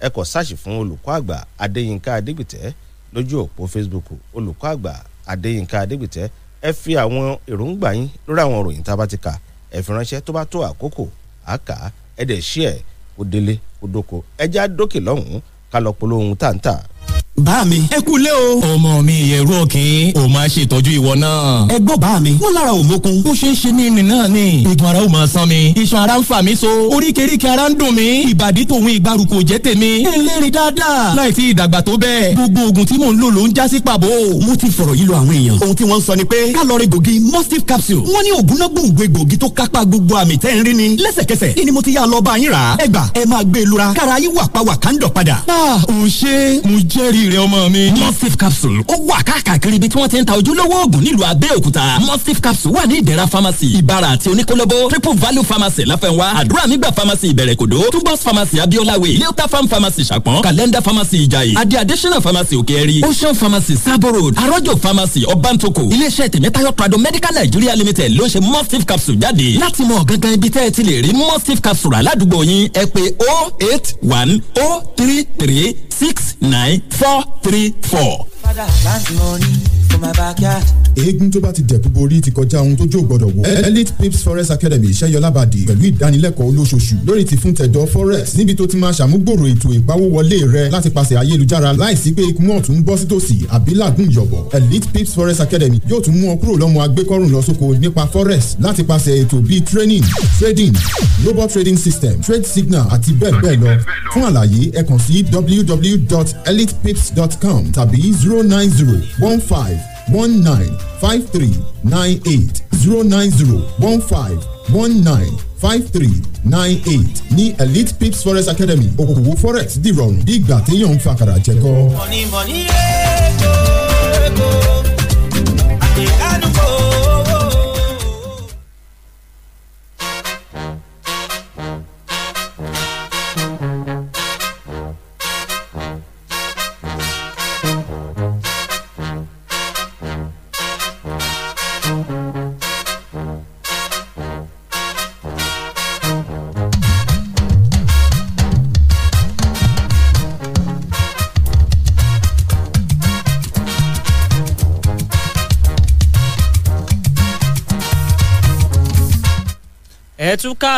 ẹ kọ sáàṣì fún olùkọ́ àgbà adéyínká adégbìtẹ́ lójú òpó facebook olùkọ́ àgbà adéyínká adégbìtẹ́ ẹ fi àwọn èròǹgbà yín lórí àwọn òròyìn tá a bá ti kà ẹ fi ránṣẹ́ tó bá tó àkókò àkà ẹ dẹ̀ ṣí ẹ̀ kó délé kó dóko ẹ já dókè lọ́hùn ká lọ polówó ohun tá bá mi. ẹ kú lé o. ọmọ mi ìyẹ̀rú ọ̀kìn ò máa ṣètọ́jú ìwọ náà. ẹ gbọ́ bá mi. wọ́n lára ò mókun. ó ṣeé ṣe ní ìrìn náà ni. igun ara ò máa san mi. iṣan ara ń fà mí so. oríkèéríkè ara ń dùn mí. ìbàdí tòun ìgbàrú kò jẹ́ tèmi. eléri dáadáa. láìsí ìdàgbà tó bẹ́ẹ̀. gbogbo oògùn tí mò ń lò ló ń já sí pàbó. mo ti fọ̀rọ̀ yí lọ àwọn èèyàn. ohun tí wọ́n sọ ni capsule. wọ́n ní ògùn náà gbòǹgbò egbògi tó kápá ni. lẹ́sẹ̀kẹsẹ̀ ni mo ti yá lọ bá yín rà. E lura. kára yín wà pa ah ò ṣe oríire ọmọ mi. mustif capsule ó wà káàkiri ibi tí wọ́n ti ń ta ojúlówó oògùn nílùú abẹ́òkúta mustif capsule wà ní ìdẹ̀ra pharmacy ìbára àti oníkólóbó triple value pharmacy láfẹ́nwá àdúrà nígbà pharmacy ìbẹ̀rẹ̀kòdó tubos pharmacy abiolawe leota farm pharmacy ṣàpọ̀n calendar pharmacy ìjàyè adi additional pharmacy òkèèrè ocean pharmacy sabo road arọ́jọ pharmacy ọbántoko iléeṣẹ́ tèmítáyọ̀ prado medical nigeria limited ló ń ṣe mustif capsule jáde láti mọ gangan ibi tẹ́ ẹ ti lè rí mustif capsule aládùúgbò yín ẹ pé 08103 three six nine four three four. Father, eégún tó bá ti dẹ̀kú borí ti kọjá ohun tójú ò gbọ́dọ̀ wò. E- elite pips forest academy ìṣẹ́yọlábàdì pẹ̀lú ìdánilẹ́kọ̀ọ́ olóṣooṣù lórí ti fún tẹ̀dọ̀ forest níbi tó ti máa ṣàmúgbòrò ètò ìpawówọlé rẹ láti pàṣẹ ayélujára láìsí pé ikú mọ́ọ̀tún ń bọ́ sítòsí àbí làgùn yọ̀bọ̀. elite pips forest academy yóò tún mú ọ kúrò lọ́mọ agbékọ́rùn lọ sóko nípa forest láti pàṣẹ ètò bíi training trading global trading system trade signal àti bẹ́ẹ̀ bẹ́ẹ̀ lọ fún àlàyé ẹ sí www.elitepips.com tàbí zero nine zero one five one nine five three nine eight zero nine zero one five one nine five three nine eight ní elite pips forest academy òkòkòwò forex dìrọ̀rùn bí ìgbà téèyàn ń fa àkàrà jẹ́kọ́. mọ̀nìmọ̀nì èkó èkó àgbẹ̀kánú kò.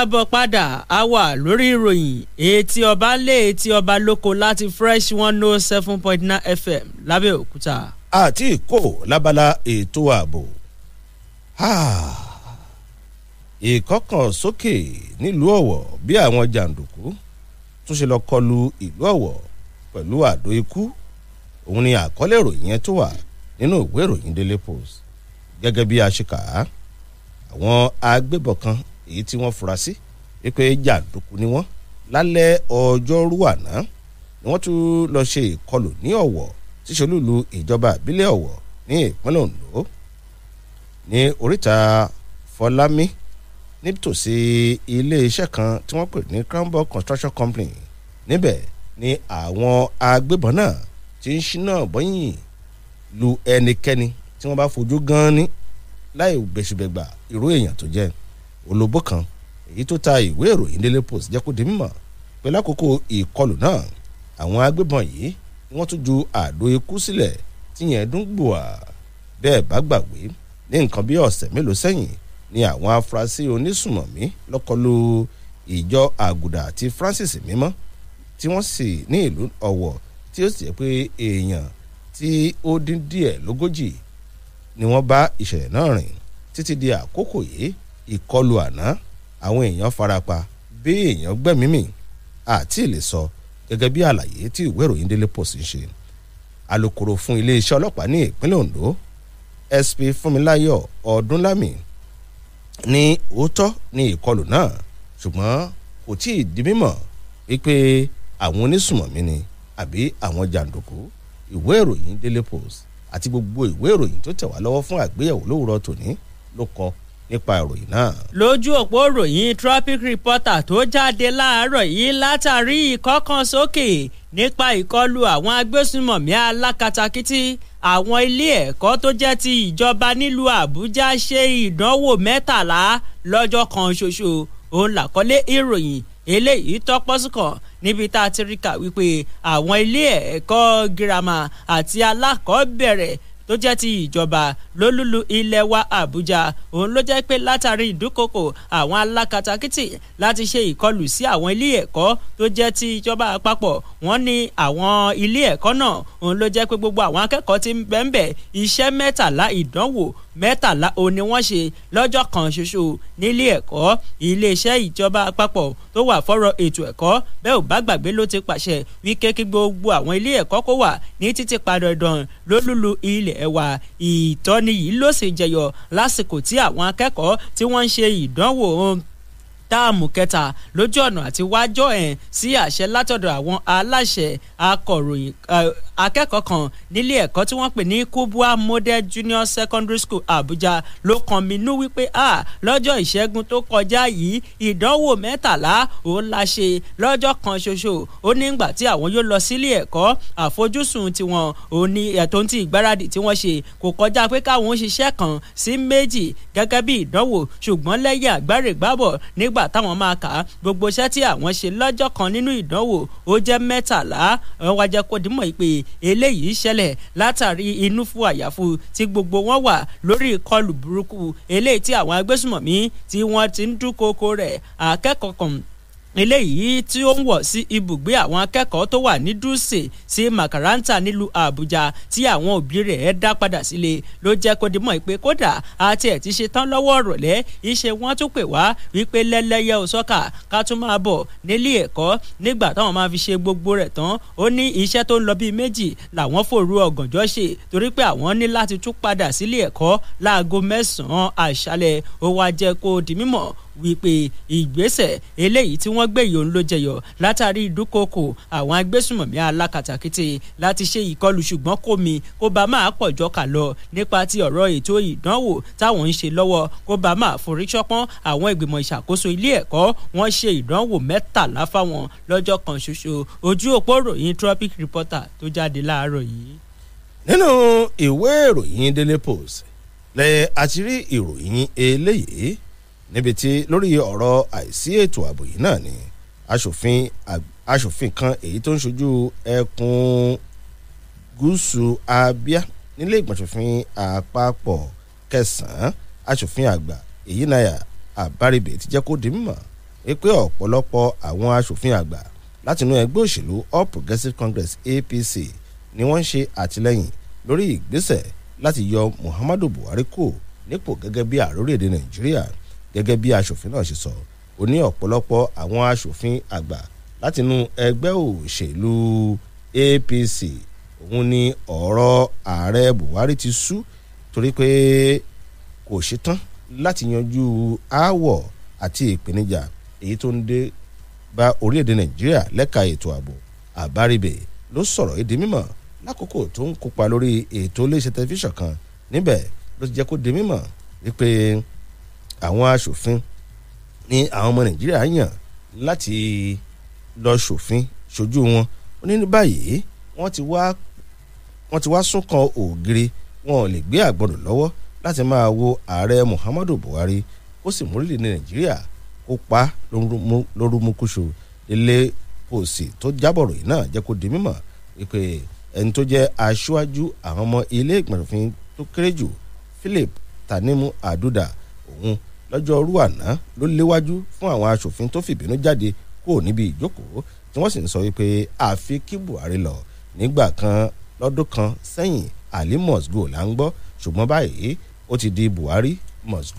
káàbọ̀ padà a wà lórí ìròyìn etí ọba lé etí ọba lóko láti fresh one oh seven point nine fm lábẹ́òkúta. àti ìkó lábala ètò ààbò ìkọkànsókè nílùú ọ̀wọ̀ bí àwọn jàǹdùkú tún ṣe lọ kọlu ìlú ọ̀wọ̀ pẹ̀lú àdó ikú òun ni àkọlé ìròyìn yẹn tó wà nínú ìwé ìròyìn daily post gẹ́gẹ́ bí a ṣe kà á àwọn agbébọn kan èyí tí wọ́n fura sí pé jàǹdùkú ni wọ́n lálẹ́ ọjọ́rú àná ni wọ́n tún lọ ṣe ìkọlù ní ọ̀wọ̀ tíṣolúlu ìjọba àbílẹ̀ ọ̀wọ̀ ní ìpínlẹ̀ Ondo ní oríta Fọlámi nítòsí iléeṣẹ́ kan tí wọ́n pè ní Cranbourne Construction Company níbẹ̀ ni àwọn agbébọn náà ti ń ṣínà bọ́yìn lu ẹnikẹ́ni tí wọ́n bá fojú gan-an ní láì bẹ̀ṣùbẹ̀gbà irú èèyàn tó jẹ́ olóbó kan èyí tó ta ìwé ìròyìn Daily Post jẹ́ kó di mímọ̀ pé lákòókò ìkọlù náà àwọn agbébọn yìí ni wọ́n tún ju àdó ikú sílẹ̀ tíyẹn dún gbòà bẹ́ẹ̀ bá gbàgbé ní nǹkan bí ọ̀sẹ̀ mélòó sẹ́yìn ni àwọn afurasí onísùmọ̀mí lọ́kọlù ìjọ àgùdà àti Francis mímọ́ tí wọ́n sì ní ìlú Ọ̀wọ̀ tí ó sì jẹ́ pé èèyàn tí ó dín díẹ̀ lógójì ni wọ́n bá ìṣẹ̀lẹ̀ náà rìn títí di àkókò yìí ìkọlù àná àwọn èèyàn farapa bí èèyàn gbẹ̀mí mì àti lè sọ gẹ́gẹ́ bí àlàyé tí ìwé ìròyìn Daily Post ń ṣe alukoro fún iléeṣẹ́ ọlọ́pàá ní ìpínlẹ̀ Ondo SP Fúnmiláyọ̀ Ọdúnlámì ní òótọ́ ní ìkọlù náà ṣùgbọ́n kò tí ì di mímọ̀ wípé àwọn onísùmọ̀mí ni àbí àwọn jàǹdùkú ìwé ìròyìn Daily Post àti gbogbo ìwé ìròyìn tó tẹ̀ wá lọ́wọ́ fún àgbéyẹ̀wò lówùrọ̀ tòní ló kọ nípa ìròyìn náà. lójú òpó ròyìn traffic reporter tó jáde láàárọ̀ yìí látàrí ìkọ́kànsókè nípa ìkọlù àwọn agbésùnmọ̀mí alákatakítí àwọn ilé ẹ̀kọ́ tó jẹ́ ti ìjọba nílùú àbújá ṣe ìdánwò mẹ́tàlá lọ́jọ́ kan ṣoṣo òun làkọ́lé ìròyìn eléyìí tọ́pọ́ sùkàn níbi tá a ti rí kà wípé àwọn ilé ẹ̀kọ́ girama àti alákọ̀ọ́bẹ̀rẹ̀ tó jẹ́ ti ìjọba lólúlu ilẹ̀ wa abuja òun ló jẹ́ pé látàrí ìdúkokò àwọn alákatakítì láti ṣe ìkọlù sí àwọn ilé ẹ̀kọ́ tó jẹ́ ti ìjọba àpapọ̀ wọ́n ní àwọn ilé ẹ̀kọ́ náà òun ló jẹ́ pé gbogbo àwọn akẹ́kọ̀ọ́ ti ń bẹ́ńbẹ́ iṣẹ́ mẹ́tàlá ìdánwò mẹ́tàlá o wọ́n ṣe lọ́jọ́ kan ṣoṣo nílé ẹ̀kọ́ iléeṣẹ́ ìjọba àpapọ̀ tó wà fọ́rọ̀ ètò ẹ̀kọ́ bẹ́ẹ̀ ò bá gbàgbé ló ti pàṣẹ wíkẹ́ kí gbogbo àwọn ilé ẹ̀kọ́ kó wà ní títì padàdàn lólúlu ilẹ̀ ẹ̀wà ìtọ́ni yìí ló sì jẹyọ lásìkò tí àwọn akẹ́kọ̀ọ́ tí wọ́n ń ṣe ìdánwò táàmù kẹta lójú ọ̀nà àti wájọ́ ẹ̀ sí àṣẹ látọ̀dọ̀ àwọn aláṣẹ akọ̀ròyìn akẹ́kọ̀ọ́ kan nílé ẹ̀kọ́ tí wọ́n pè ní kubwa model junior secondary school abuja ló kàn mí nú wípé a lọ́jọ́ ìṣẹ́gun tó kọjá yìí ìdánwò mẹ́tàlá òun la ṣe lọ́jọ́ kan ṣoṣo ó ní ìgbà tí àwọn yóò lọ sílé ẹ̀kọ́ àfojúsùn tiwọn òun ní ẹ̀tọ́ ti ìgbáradì tí wọ́n ṣe kò kọjá pé káwọn ṣiṣẹ́ kan sí méjì gẹ́gẹ́ bí ìdánwò ṣùgbọ́n lẹ́yìn àgbárègbábọ̀ nígbà táwọn máa kà á gbogbo iṣẹ́ tí àwọn ṣe lọ́jọ́ kan nínú ìdánwò ó jẹ́ mẹ́tàlá wọ́n wá jẹ́ kó dìmọ̀ ìpè eléyìí ṣẹlẹ̀ látàrí inúfu àyàfu tí gbogbo wọn wà lórí ìkọlù burúkú eléyìí tí àwọn agbésùmọ̀mí tí wọ́n ti ń dúnkokò rẹ̀ akẹ́kọ̀ọ́ kan eléyìí tí ó ń wọ̀ sí ibùgbé àwọn akẹ́kọ̀ọ́ tó wà ní dúsè sí makaranta nílùú àbújá tí àwọn òbí rẹ̀ dá padà sílé ló jẹ́ kó di mọ̀ pé kódà àti ẹ̀ ti ṣe tán lọ́wọ́ ìrọ̀lẹ́ iṣẹ́ wọn tún pè wá wípé lẹ́lẹ́yẹ ò sọ́kà ká tún máa bọ̀ nílé ẹ̀kọ́ nígbà táwọn máa fi ṣe gbogbo rẹ̀ tán ó ní iṣẹ́ tó ń lọ bíi méjì làwọn fòru ọ̀gànjọ́ ṣe torí pé àwọn ní láti tún padà sílé ẹ̀kọ́ láago mẹ́sàn-án àṣálẹ́ ó wá jẹ́ kó di mímọ̀ wípé ìgbésẹ̀ eléyìí tí wọ́n gbé yòó ló jẹyọ látàrí ìdúkokò àwọn agbésùmọ̀mí alákatakíte láti ṣe ìkọlù ṣùgbọ́n kò mí kó bá máa pọ̀jọ́ kà lọ nípa ti ọ̀rọ̀ ètò ìdánwò táwọn ń ṣe lọ́wọ́ kó bá máa forí ṣọpọ́n àwọn ìgbìmọ̀ ìṣàkóso ilé ẹ̀kọ́ wọ́n ṣe ìdánwò mẹ́tàlá fáwọn lọ́jọ́ kan ṣoṣo ojú òpó ròyìn tropic reporter tó jáde láàárọ̀ yìí. nínú ìwé ìròyìn daily post lẹ àti rí ìròyìn eléyìí níbi tí lórí ọ̀rọ̀ àìsí ètò ààbò yìí náà ni aṣòfin aṣòfin kan èyí tó ń ṣojú ẹkùn gúúsù abia nílé ìgbọ̀nsọ̀fin àpapọ̀ kẹsàn-án aṣòfin àgbà èyí náà àbáribè ti jẹ́ kó di mímọ̀ pé ọ̀pọ̀lọpọ̀ àwọn aṣòfin àgbà látinú ẹgbẹ́ òṣèlú all progressives congress apc ni wọ́n ń ṣe àtìlẹ́yìn lórí ìgbésẹ̀ láti yọ muhammadu buhari kù nípò gẹ́gẹ́ bí ààrẹ orílẹ̀-èdè nàìjíríà gẹ́gẹ́ bí aṣòfin náà ṣe sọ ó ní ọ̀pọ̀lọpọ̀ àwọn aṣòfin àgbà látinú ẹgbẹ́ òṣèlú APC òun ni ọ̀rọ̀ ààrẹ Buhari ti sú torí pé kò ṣetán láti yanjú aáwọ̀ àti ìpèníjà èyí tó ń dé bá orílẹ̀-èdè Nàìjíríà lẹ́ka ètò ààbò àbáribẹ̀ ló sọ̀rọ̀ èdè mímọ̀ lákòókò tó ń kópa lórí ètò iléeṣẹ́ tẹlifíṣàn kan níbẹ̀ ló ti jẹ́ kó di mímọ̀ wípé àwọn aṣòfin ní àwọn ọmọ nàìjíríà yàn láti lọ ṣòfin ṣojú wọn ó ní ní báyìí wọ́n ti wá wọ́n ti wá sún kan ògiri wọn ò lè gbé àgbọ̀dọ̀ lọ́wọ́ láti máa wo ààrẹ muhammadu buhari kó sì múlẹ̀ ní nàìjíríà kó pa lórúmukúṣu ilé òsì tó jábọ̀rọ̀ yìí náà jẹ́ kó di mímọ̀ wípé ẹni tó jẹ́ aṣáájú àwọn ọmọ ilé ìgbìmọ̀ tó kéré jù philip tanimu aduda òun lọ́jọ́rú àná ló léwájú fún àwọn aṣòfin tó fìbínú jáde kúrò níbi ìjókòó tí wọ́n sì ń sọ wípé àfi kí Buhari lọ nígbà kan lọ́dún kan sẹ́yìn Ali must go là ń gbọ́ ṣùgbọ́n báyìí ó ti di Buhari must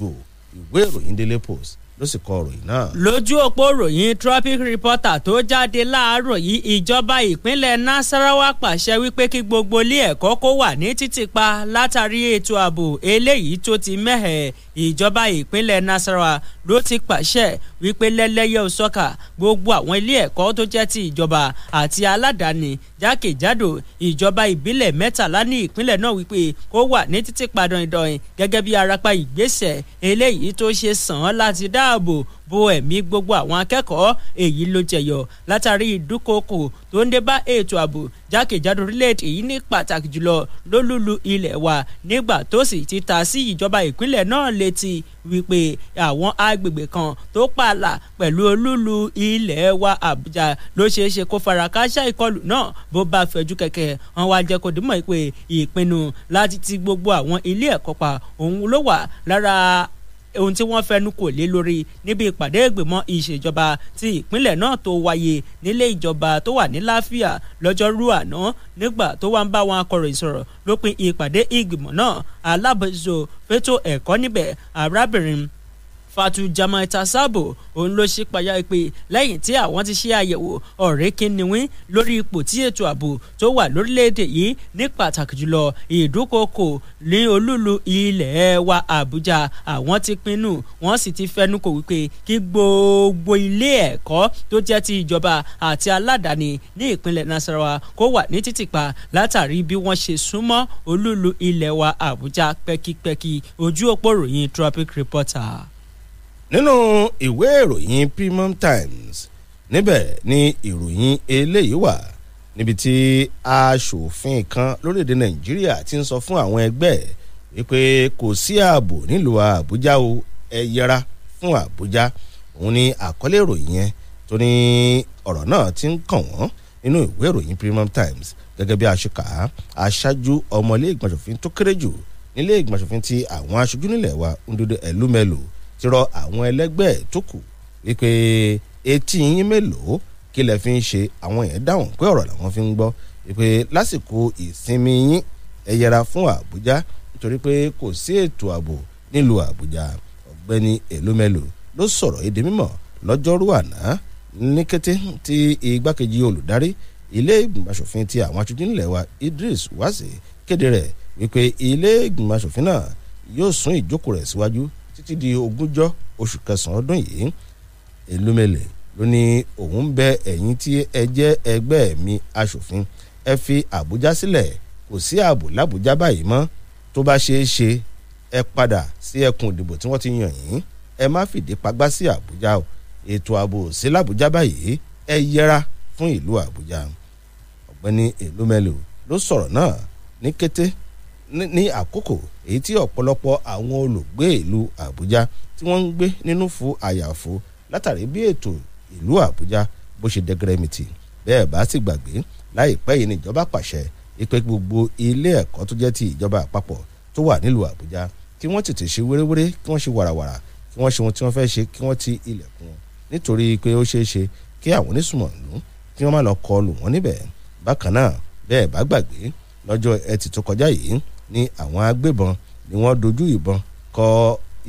ìwé ìròyìn Daily Post ló sì kọ ròyìn náà. lójú òpó ròyìn tropic reporter tó jáde láàárọ̀ yìí ìjọba ìpínlẹ̀ nasarawa pàṣẹ wípé kí gbogbo ilé ẹ̀kọ́ kó wà ní títì pa látàrí ètò ààbò eléyìí tó ti mẹ́hẹ̀ ìjọba ìpínlẹ̀ nasarawa ló ti pàṣẹ wípé lẹ́lẹ́yẹ òsọ́kà gbogbo àwọn ilé ẹ̀kọ́ tó jẹ́ ti ìjọba àti aládàáni jákèjádò ìjọba ìbílẹ̀ mẹ́tàlá ní ìpínlẹ̀ náà wípé kó wà ní títì padàn ìdọ̀yìn gẹ́gẹ́ bí arapa ìgbésẹ̀ eléyìí tó ṣe sàn án láti dá dáàbò bo ẹ̀mí gbogbo àwọn akẹ́kọ̀ọ́ èyí ló jẹyọ látàrí ìdúkokò tó ń dé bá ètò ààbò jákèjádò orílẹ̀-èdè yìí ní pàtàkì jùlọ lólúlu ilẹ̀ wa nígbà tó sì ti ta sí ìjọba ìpínlẹ̀ náà létí wípé àwọn agbègbè kan tó pààlà pẹ̀lú olúlu ilẹ̀ wa Àbújá ló ṣeé ṣe kó fara káṣá ìkọlù náà bó bá fẹjú kẹ̀kẹ́ wọn wá jẹ́ kó dìmọ̀ pé ìpinnu láti ti gbogbo àwọn ilé ẹ̀kọ́ pa òun ló wà lára ohun tí wọ́n fẹnu kò lé lórí níbi ìpàdé ìgbìmọ̀ ìṣèjọba ti ìpínlẹ̀ náà tó wáyé nílé ìjọba tó wà ní láfíà lọ́jọ́rú àná nígbà tó wá ń bá wọn akọ̀ròyìn sọ̀rọ̀ lópin ìpàdé ìgbìmọ̀ náà alábòjútó fẹ́tò ẹ̀kọ́ níbẹ̀ arábìnrin Fatu Jamaita Sabo òun ló ṣe payá pé lẹ́yìn tí àwọn ti ṣe àyẹ̀wò ọ̀rẹ́ kínníwín lórí ipò tí ètò ààbò tó wà lórílẹ̀‐èdè yìí ní pàtàkì jùlọ ìdúkokò ní olúlu ilẹ̀ wa Àbújá àwọn ti pinnu wọ́n sì ti fẹnu kò wípé kí gbogbo ilé ẹ̀kọ́ tó jẹ́ ti ìjọba àti aládàáni ní ìpínlẹ̀ Nasarawa kó wà ní títìpa látàrí bí wọ́n ṣe súnmọ́ olúlu ilẹ̀ wa Àbújá pẹ́kípẹ́kí ojú òpó ròyìn Tropic Reporter nínú ìwé ìròyìn Premium Times níbẹ̀ ni ìròyìn eléyìí wà níbi tí aṣòfin kan lórílẹ̀‐èdè Nàìjíríà ti ń sọ fún àwọn ẹgbẹ́ wípé kò sí ààbò nílùú Àbújá o ẹ yẹra fún Àbújá òun ni àkọlé ìròyìn yẹn tó ní ọ̀rọ̀ náà ti ń kàn wọ́n nínú ìwé ìròyìn Premium Times gẹ́gẹ́ bí aṣọkà aṣáájú ọmọlé ìgbọ̀nsọ̀fin tó kéré jù nílé ìgbọ̀nsọ̀fin ti àwọn aṣojú nílẹ̀ wa Ndudu Elumelu ti rọ àwọn ẹlẹ́gbẹ́ ẹ̀ tó kù wípé etí yín mélòó kí lẹ fi ń ṣe àwọn èèyàn dáhùn pé ọ̀rọ̀ làwọn fi ń gbọ́ wípé lásìkò ìsinmi yín ẹ yẹra fún Àbújá nítorí pé kò sí ètò ààbò nílùú Àbújá ọ̀gbẹ́ni Elumelu ló sọ̀rọ̀ èdè mímọ̀ lọ́jọ́rú àná ní kété tí igbákejì olùdarí ilé ìgbìmọ̀ asòfin ti àwọn aṣojú nílẹ̀ wa Idris Wase kéde rẹ̀ wípé ilé ìgbìmọ̀ asòfin náà yóò sún ìjókòó rẹ̀ síwájú títí di ogúnjọ́ oṣù kẹsàn-án ọdún yìí Elumele ló ní òun bẹ ẹ̀yin tí ẹ jẹ́ ẹgbẹ́ mi aṣòfin ẹ fi Àbújá sílẹ̀ kò sí ààbò lábújá báyìí mọ́ tó bá ṣeé ṣe ẹ padà sí ẹkùn ìdìbò tí wọ́n ti yàn yín ẹ má fìdí pagbá sí Àbújá o ètò ààbò sí làbújá báyìí ẹ yẹra fún ìlú Àbújá ọ̀gbẹ́ni Elumele ló sọ̀rọ̀ náà ní kété ní àkókò èyí tí ọ̀pọ̀lọpọ̀ àwọn olùgbé ìlú àbújá tí wọ́n ń gbé nínú fún àyàfo látàrí bí ètò ìlú àbújá bó ṣe dẹgẹrẹmìtì bẹ́ẹ̀ bá sì gbàgbé láìpẹ́ yìí níjọba pàṣẹ ìpè gbogbo ilé ẹ̀kọ́ tó jẹ́ ti ìjọba àpapọ̀ tó wà nílùú àbújá kí wọ́n tètè ṣe wéréwéré kí wọ́n ṣe wàràwàrà kí wọ́n ṣe ohun tí wọ́n fẹ́ ṣe kí wọ́n ti ilẹ̀kùn nítorí pé ó ṣeé ṣe kí àwọn onísùmọ̀lú kí wọ́n má lọ kọlù wọn níbẹ̀ bákan náà bẹ́ẹ̀ bá gbàgbé lọ́jọ́ ẹtì tó kọjá yìí ni àwọn agbébọn ni wọ́n dojú ìbọn kọ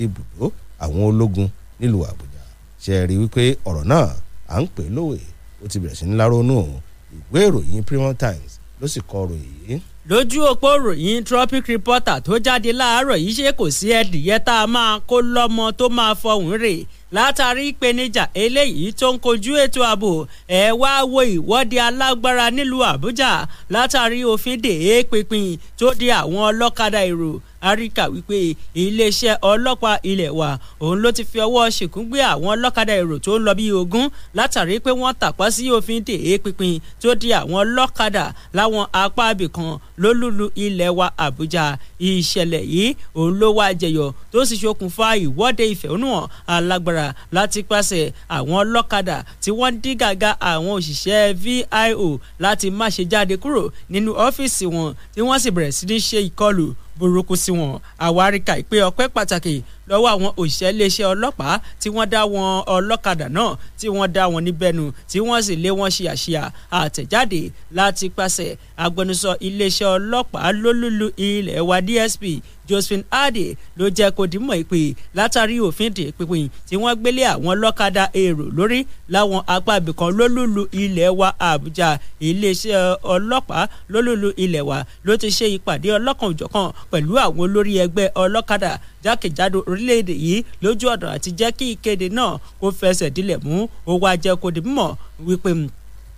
ibùdó àwọn ológun nílùú àbújá ṣe rí wípé ọ̀rọ̀ náà à ń pè lówe ó ti bẹ̀rẹ̀ sí ní lárónú òun ìwé ìròyìn Premium Times ló sì kọ ròyìn yìí lójú òpó ròyìn tropic reporter tó jáde láàárọ̀ yìí ṣe kò sí ẹdìyẹ tá a máa kó lọ́mọ tó máa fọhùn rè látàrí ìpèníjà eléyìí tó ń kojú ètò ààbò ẹ wá wo ìwọ́de alágbára nílùú àbújá látàrí òfin dè é pinpin tó di àwọn ọlọ́kadà èrò áríkà wípé iléeṣẹ́ ọlọ́pàá ilẹ̀ wa òun ló ti fi ọwọ́ ṣèkúngbé àwọn ọlọ́kadà èrò tó ń lọ bí ogún látàrí pé wọ́n tàpá sí òfin dèé pinpin tó di àwọn ọlọ́kadà láwọn apá abìkan lólúlu ilẹ̀ wa àbújá ìṣẹ̀lẹ̀ yìí òun ló wá jẹyọ tó sì ṣokùnfà ìwọ́de ìfẹ̀hónúhàn alágbára láti pàṣẹ àwọn ọlọ́kadà tí wọ́n ń dígàgá àwọn òṣìṣẹ́ vio láti má ṣe jáde kúrò nínú ọ́fíìsì wọn tí wọ́n sì bẹ̀rẹ̀ sí ní ṣe ìkọlù burúkú sí wọn àwárìkà ìpè ọpẹ́ pàtàkì lọ́wọ́ àwọn òṣìṣẹ́ iléeṣẹ́ ọlọ́pàá tí wọ́n dá wọn ọlọ́kadà náà tí wọ́n dá wọn níbẹ̀nu tí wọ́n sì lé wọn ṣìyàṣìyà àtẹ̀jáde láti pàṣẹ agbẹnusọ iléeṣẹ́ ọlọ́pàá lólúlu ilẹ̀ wa DSP josephine adé ló jẹ́ kó dìímọ̀ ìpè látàrí òfin dè pínpín tí wọ́n gbélé àwọn ọlọ́kadà èrò lórí láwọn apá ibìkan lólùlù ilẹ̀ wa àbújá iléeṣẹ́ ọlọ́pàá lólùlù ilẹ̀ wa ló ti ṣe ìpàdé ọlọ́kan òjọ̀kan pẹ̀lú àwọn olórí ẹgbẹ́ ọlọ́kadà jákèjádò orílẹ̀-èdè yìí lójú ọ̀nà àti jẹ́ kí ìkéde náà kó fẹsẹ̀ dílẹ̀ mú ó wá jẹ́ kó dìímọ̀ wípé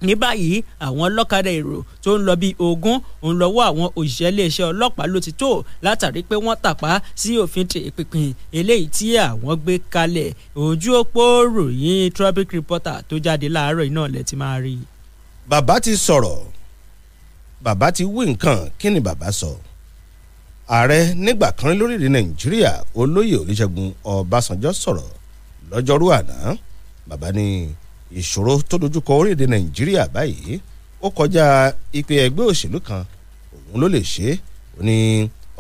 ní báyìí àwọn ọlọ́kadà èrò tó ń lọ bíi ogún òun lọ́wọ́ àwọn òṣìṣẹ́ iléeṣẹ́ ọlọ́pàá ló ti tó látàrí pé wọ́n tàpá sí òfin tèpinpin eléyìí tí àwọn gbé kalẹ̀ ojú òpó ròyìn traffic reporter tó jáde láàárọ̀ iná lẹ ti máa rí. bàbá ti sọ̀rọ̀ bàbá ti wí nǹkan kí ni bàbá sọ ààrẹ nígbà kan lórílẹ̀ nàìjíríà olóyè olùṣègùn ọbásanjọ́ sọ̀rọ̀ lọ́jọ́rú àná bàbá Ni ìṣòro tó dojúkọ orílẹ̀-èdè nàìjíríà báyìí ó kọjá ipe ẹgbẹ́ òṣèlú kan òun ló lè ṣe é ó ní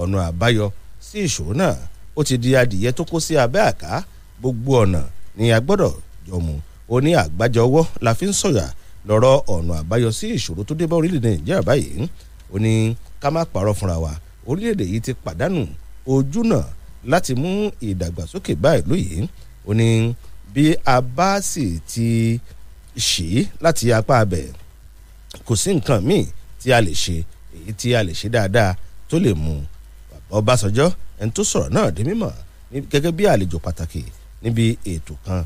ọ̀nà àbáyọ sí ìṣòro náà ó ti di adìyẹ tó kó sí abẹ́ àká gbogbo ọ̀nà ni a gbọ́dọ̀ jọ mú ó ní àgbájọ ọwọ́ la fi ń sọ̀yà lọ́rọ̀ ọ̀nà àbáyọ sí ìṣòro tó dé bá orílẹ̀-èdè nàìjíríà báyìí ó ní ká má parọ́ fúnra wa orílẹ̀-èdè yìí ti pàdánù ojúnà láti mú ìdàgbàsókè bá ìlú yìí ó ní bí a bá sì ti ṣí láti apá abẹ kò sí nǹkan míì tí a lè ṣe èyí tí a lè ṣe dáadáa tó lè mú bàbá Ọbásanjọ́ ẹni tó sọ̀rọ̀ náà di mímọ̀ gẹ́gẹ́ bí àlejò pàtàkì níbi ètò kan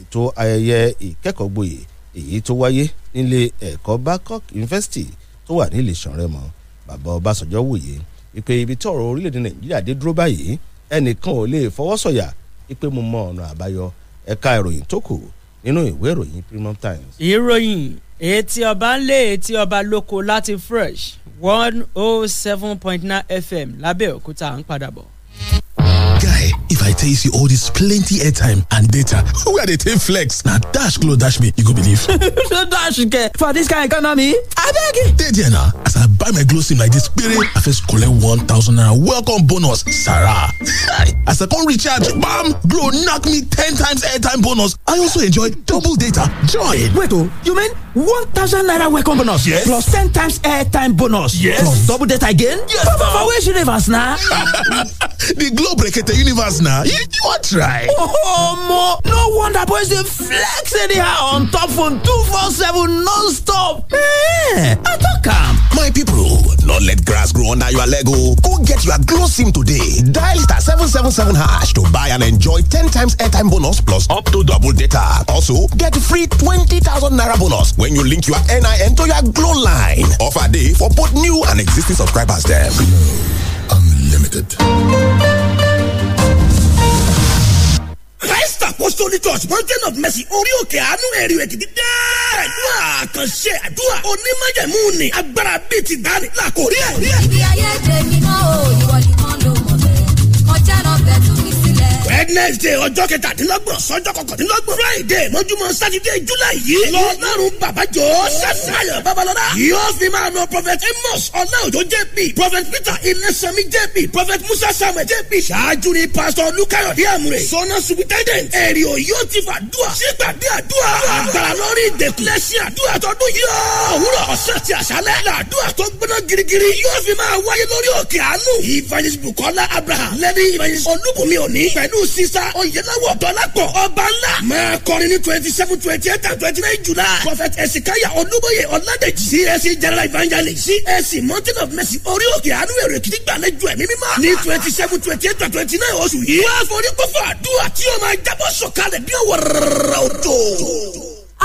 ètò ayẹyẹ ìkẹ́kọ̀ọ́gboyè èyí tó wáyé nílé ẹ̀kọ́ Babcock University tó wà ní Ìlẹ̀ṣàn Rẹ́mọ bàbá Ọbásanjọ́ wòye ìpè ibi tí ọ̀rọ̀ orílẹ̀ Nàìjíríà dé dúró báyìí ẹnìkan ò lè fọwọ́ ìpè mo mọ ọ̀nà àbáyọ ẹ̀ka ìròyìn tó kù nínú ìwé ìròyìn Premium Times. ìròyìn etí ọba ń lé etí ọba lóko láti fresh one oh seven point nine fm lábẹ́òkúta ń padà bọ̀ guy if i tell you see all this, plenty airtime and data Where i dey take flex Now dash glow dash me you go believe no dash get for dis kain economy I beg you. there na as i buy my glow sim like this, kpere i first collect 1000 naira welcome bonus sarah as i come recharge bam glow knock me 10 times airtime bonus i also enjoy double data join wait oh, you mean one thousand naira welcome bonus yes plus ten times airtime bonus yes plus double data again yes papa for which universe now? the globe break at the universe now. you, you wan try. Oh, mo, no wonder boys dey flex anyhow on top phone two four seven non-stop. Hey, eh, i talk am. my people not let grass grow under your lego. Oh. go get your glow sim today dial star seven seven seven hash to buy and enjoy ten times airtime bonus plus up to double data also get free twenty thousand naira bonus. when you link your NIN to your Glow line. Offer day for both new and existing subscribers them. Glow Unlimited. Christ Apostolic Church Mountain of Mercy orí òkè àánú ẹ̀rí èkìtì dáàrẹ̀ àdúrà àkànṣe àdúrà onímájẹ̀mú ni agbára bíi ti dání làkòrí ẹ̀. Ìdí ayé jẹ́ mímọ́ òòlù wọ̀lú. wednesday ọjọ́ kẹtàdínlọ́gbọ̀n sọ́jọ́ kọkàndínlọ́gbọ̀n friday mọ́júmọ́ sátidé july yìí lọ́lọ́run babajọ sẹ́sàyọ̀ babalọ́lá yóò fi máa nọ prophet amos ọ̀nàòjò jp prophet peter ilẹ̀sẹ̀mí jp prophet musa samuel jp ṣáájú ni pastor olùkàyọ̀dé àmúre sọ́nà superintendent ẹ̀rì òyò ti fà dùà sígbàdé àdùà àgbàrá lórí ìdẹ̀kulẹ̀sí àdùà tọdún yóò òwúrọ̀ ọ̀sẹ̀ ti àṣálẹ̀ làdùà tó gbóná girigiri yóò fi máa wáyé lórí òkè àánú evangelist bukola abraham lẹ́ni evangelist olúbùnmi òní sísá oyèláwọ̀ dọ́làpọ̀ ọba ńlá máa kọrin ní twenty seven twenty eight and twenty nine july prophet esikaya olúmọye ọ̀làdẹ̀jì csc e general evangelist csc e mountain of mercy orí òkè àánú èrè kìtì gbàlejò ẹ̀mí mímá ní twenty seven twenty eight and twenty nine oṣù yìí wàá forí kófò àdúrà tí o máa jábọ̀ sọ̀kalẹ̀ bí ọ̀wọ̀ rẹ̀ rẹ̀ rẹ̀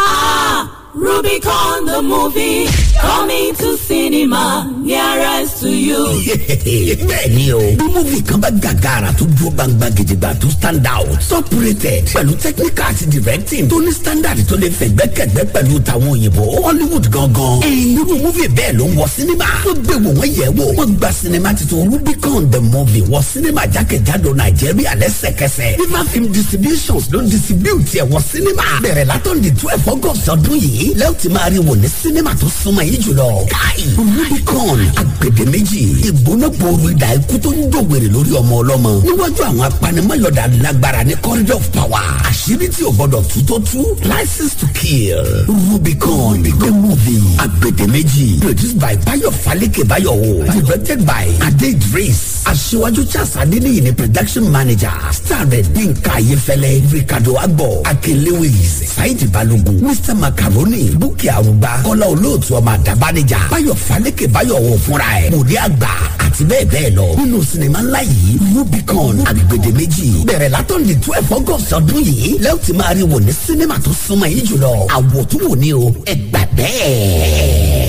ah! rẹ̀ Rubicon the movie coming to cinema nearest to you. bẹ́ẹ̀ni o bí múfì kan bá gàgàrà tó dúró gbangba gidigba tó stand out top rated pẹ̀lú technical àti directing tó ní standard tó lè fẹ̀gbẹ́kẹ̀gbẹ́ pẹ̀lú tàwọn òyìnbó hollywood gangan. irú múfì bẹ́ẹ̀ ló ń wọ sinima tó gbé wò wọ́n yẹ̀ wò wọ́n gba sinima titun Rubicon the movie wọ sinima jákèjádò nàìjíríà lẹ́sẹ̀kẹsẹ̀ river film distributions ló ń distribute ẹ̀ wọ sinima bẹ̀rẹ̀ látọ̀ ní twelve august ọdún yìí yìí lẹ́yìn tí máa rí wò ní sinimá tó súnmọ́ yìí jùlọ. káì rubicon agbèdémèjì ìgbónàgbòòrò ìdá ikú tó ń dògbèrè lórí ọmọ ọlọ́mọ níwájú àwọn apanimọ̀yọ̀dà lágbára ní corridor of power àṣírí tí o gbọdọ̀ tú tó tú license to kill rubicon the movie agbèdémèjì produced by bayo falike bayo o directed by ade idris aṣíwájú charles adeniyi ni production manager starred dinka ayefẹlẹ ricardo agbo akelewis saidi balogun mr macaroni tony búkì àrùgbà kọ́lá olóòtú ọmọ àdàbánijà báyọ̀ falẹ́kẹ̀ báyọ̀ wò fúnra ẹ̀ mòdì àgbà àti bẹ́ẹ̀ bẹ́ẹ̀ lọ nínú sinimá ńlá yìí rubicon àgbègbè méjì bẹ̀rẹ̀ látọ̀n di twelve august ọdún yìí lẹ́yìn tí máa rí wò ní sinimá tó súnmọ́ yìí jùlọ àwòtúwò ni o ẹ gbà bẹ́ẹ̀.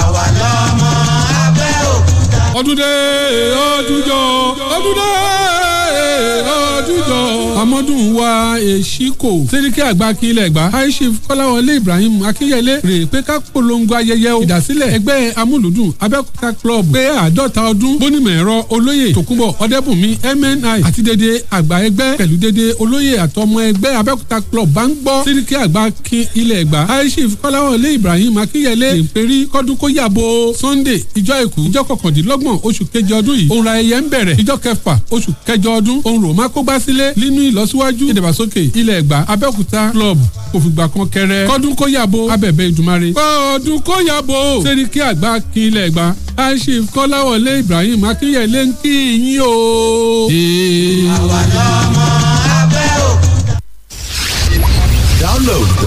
àwa lọ́mọ abẹ́ òkúta. ọdún dé ọdún jọ ọdún dé àtújọ amọ́dún wa èṣíkò sẹ́ríkì àgbà kí ilẹ̀ gbà aishif kọ́láwọlé ibrahim akínyẹlé rè pé ká polongo ayẹyẹ ìdásílẹ̀ ẹgbẹ́ amúlùdùn abẹ́òkúta club pé àádọ́ta ọdún bónímọ̀ ẹ̀rọ olóyè tòkúnbọ̀ ọ̀dẹ́bùnmi mni àti dédé àgbà ẹgbẹ́ pẹ̀lú dédé olóyè àtọmọ ẹgbẹ́ abẹ́òkúta club bá ń gbọ́ sẹ́ríkì àgbà kí ilẹ̀ gbà aishif kọ́láwọlé ibrahim akínyẹlé rè pérí kọ́dún kó yàbò sunday ìjọ èkú ìjọ kọkàndínlọ́gbọ̀n oṣù kejì ọdún yìí òun ra ẹyẹ ń bẹ̀rẹ̀ ìjọ Pásílẹ̀ nínú ìlọsíwájú ìdàgbàsókè ilẹ̀ Ẹ̀gbá Abẹ́òkúta club kò kan kẹrẹ kọ́dún kó yàbò abẹ̀bẹ̀ kọ́ọ̀dún kó yàbò àgbà kí ilẹ̀ Ẹ̀gbá Aṣif Kọ́láwọlé Ibrahim Akínyẹlé ń kí yín o. Download the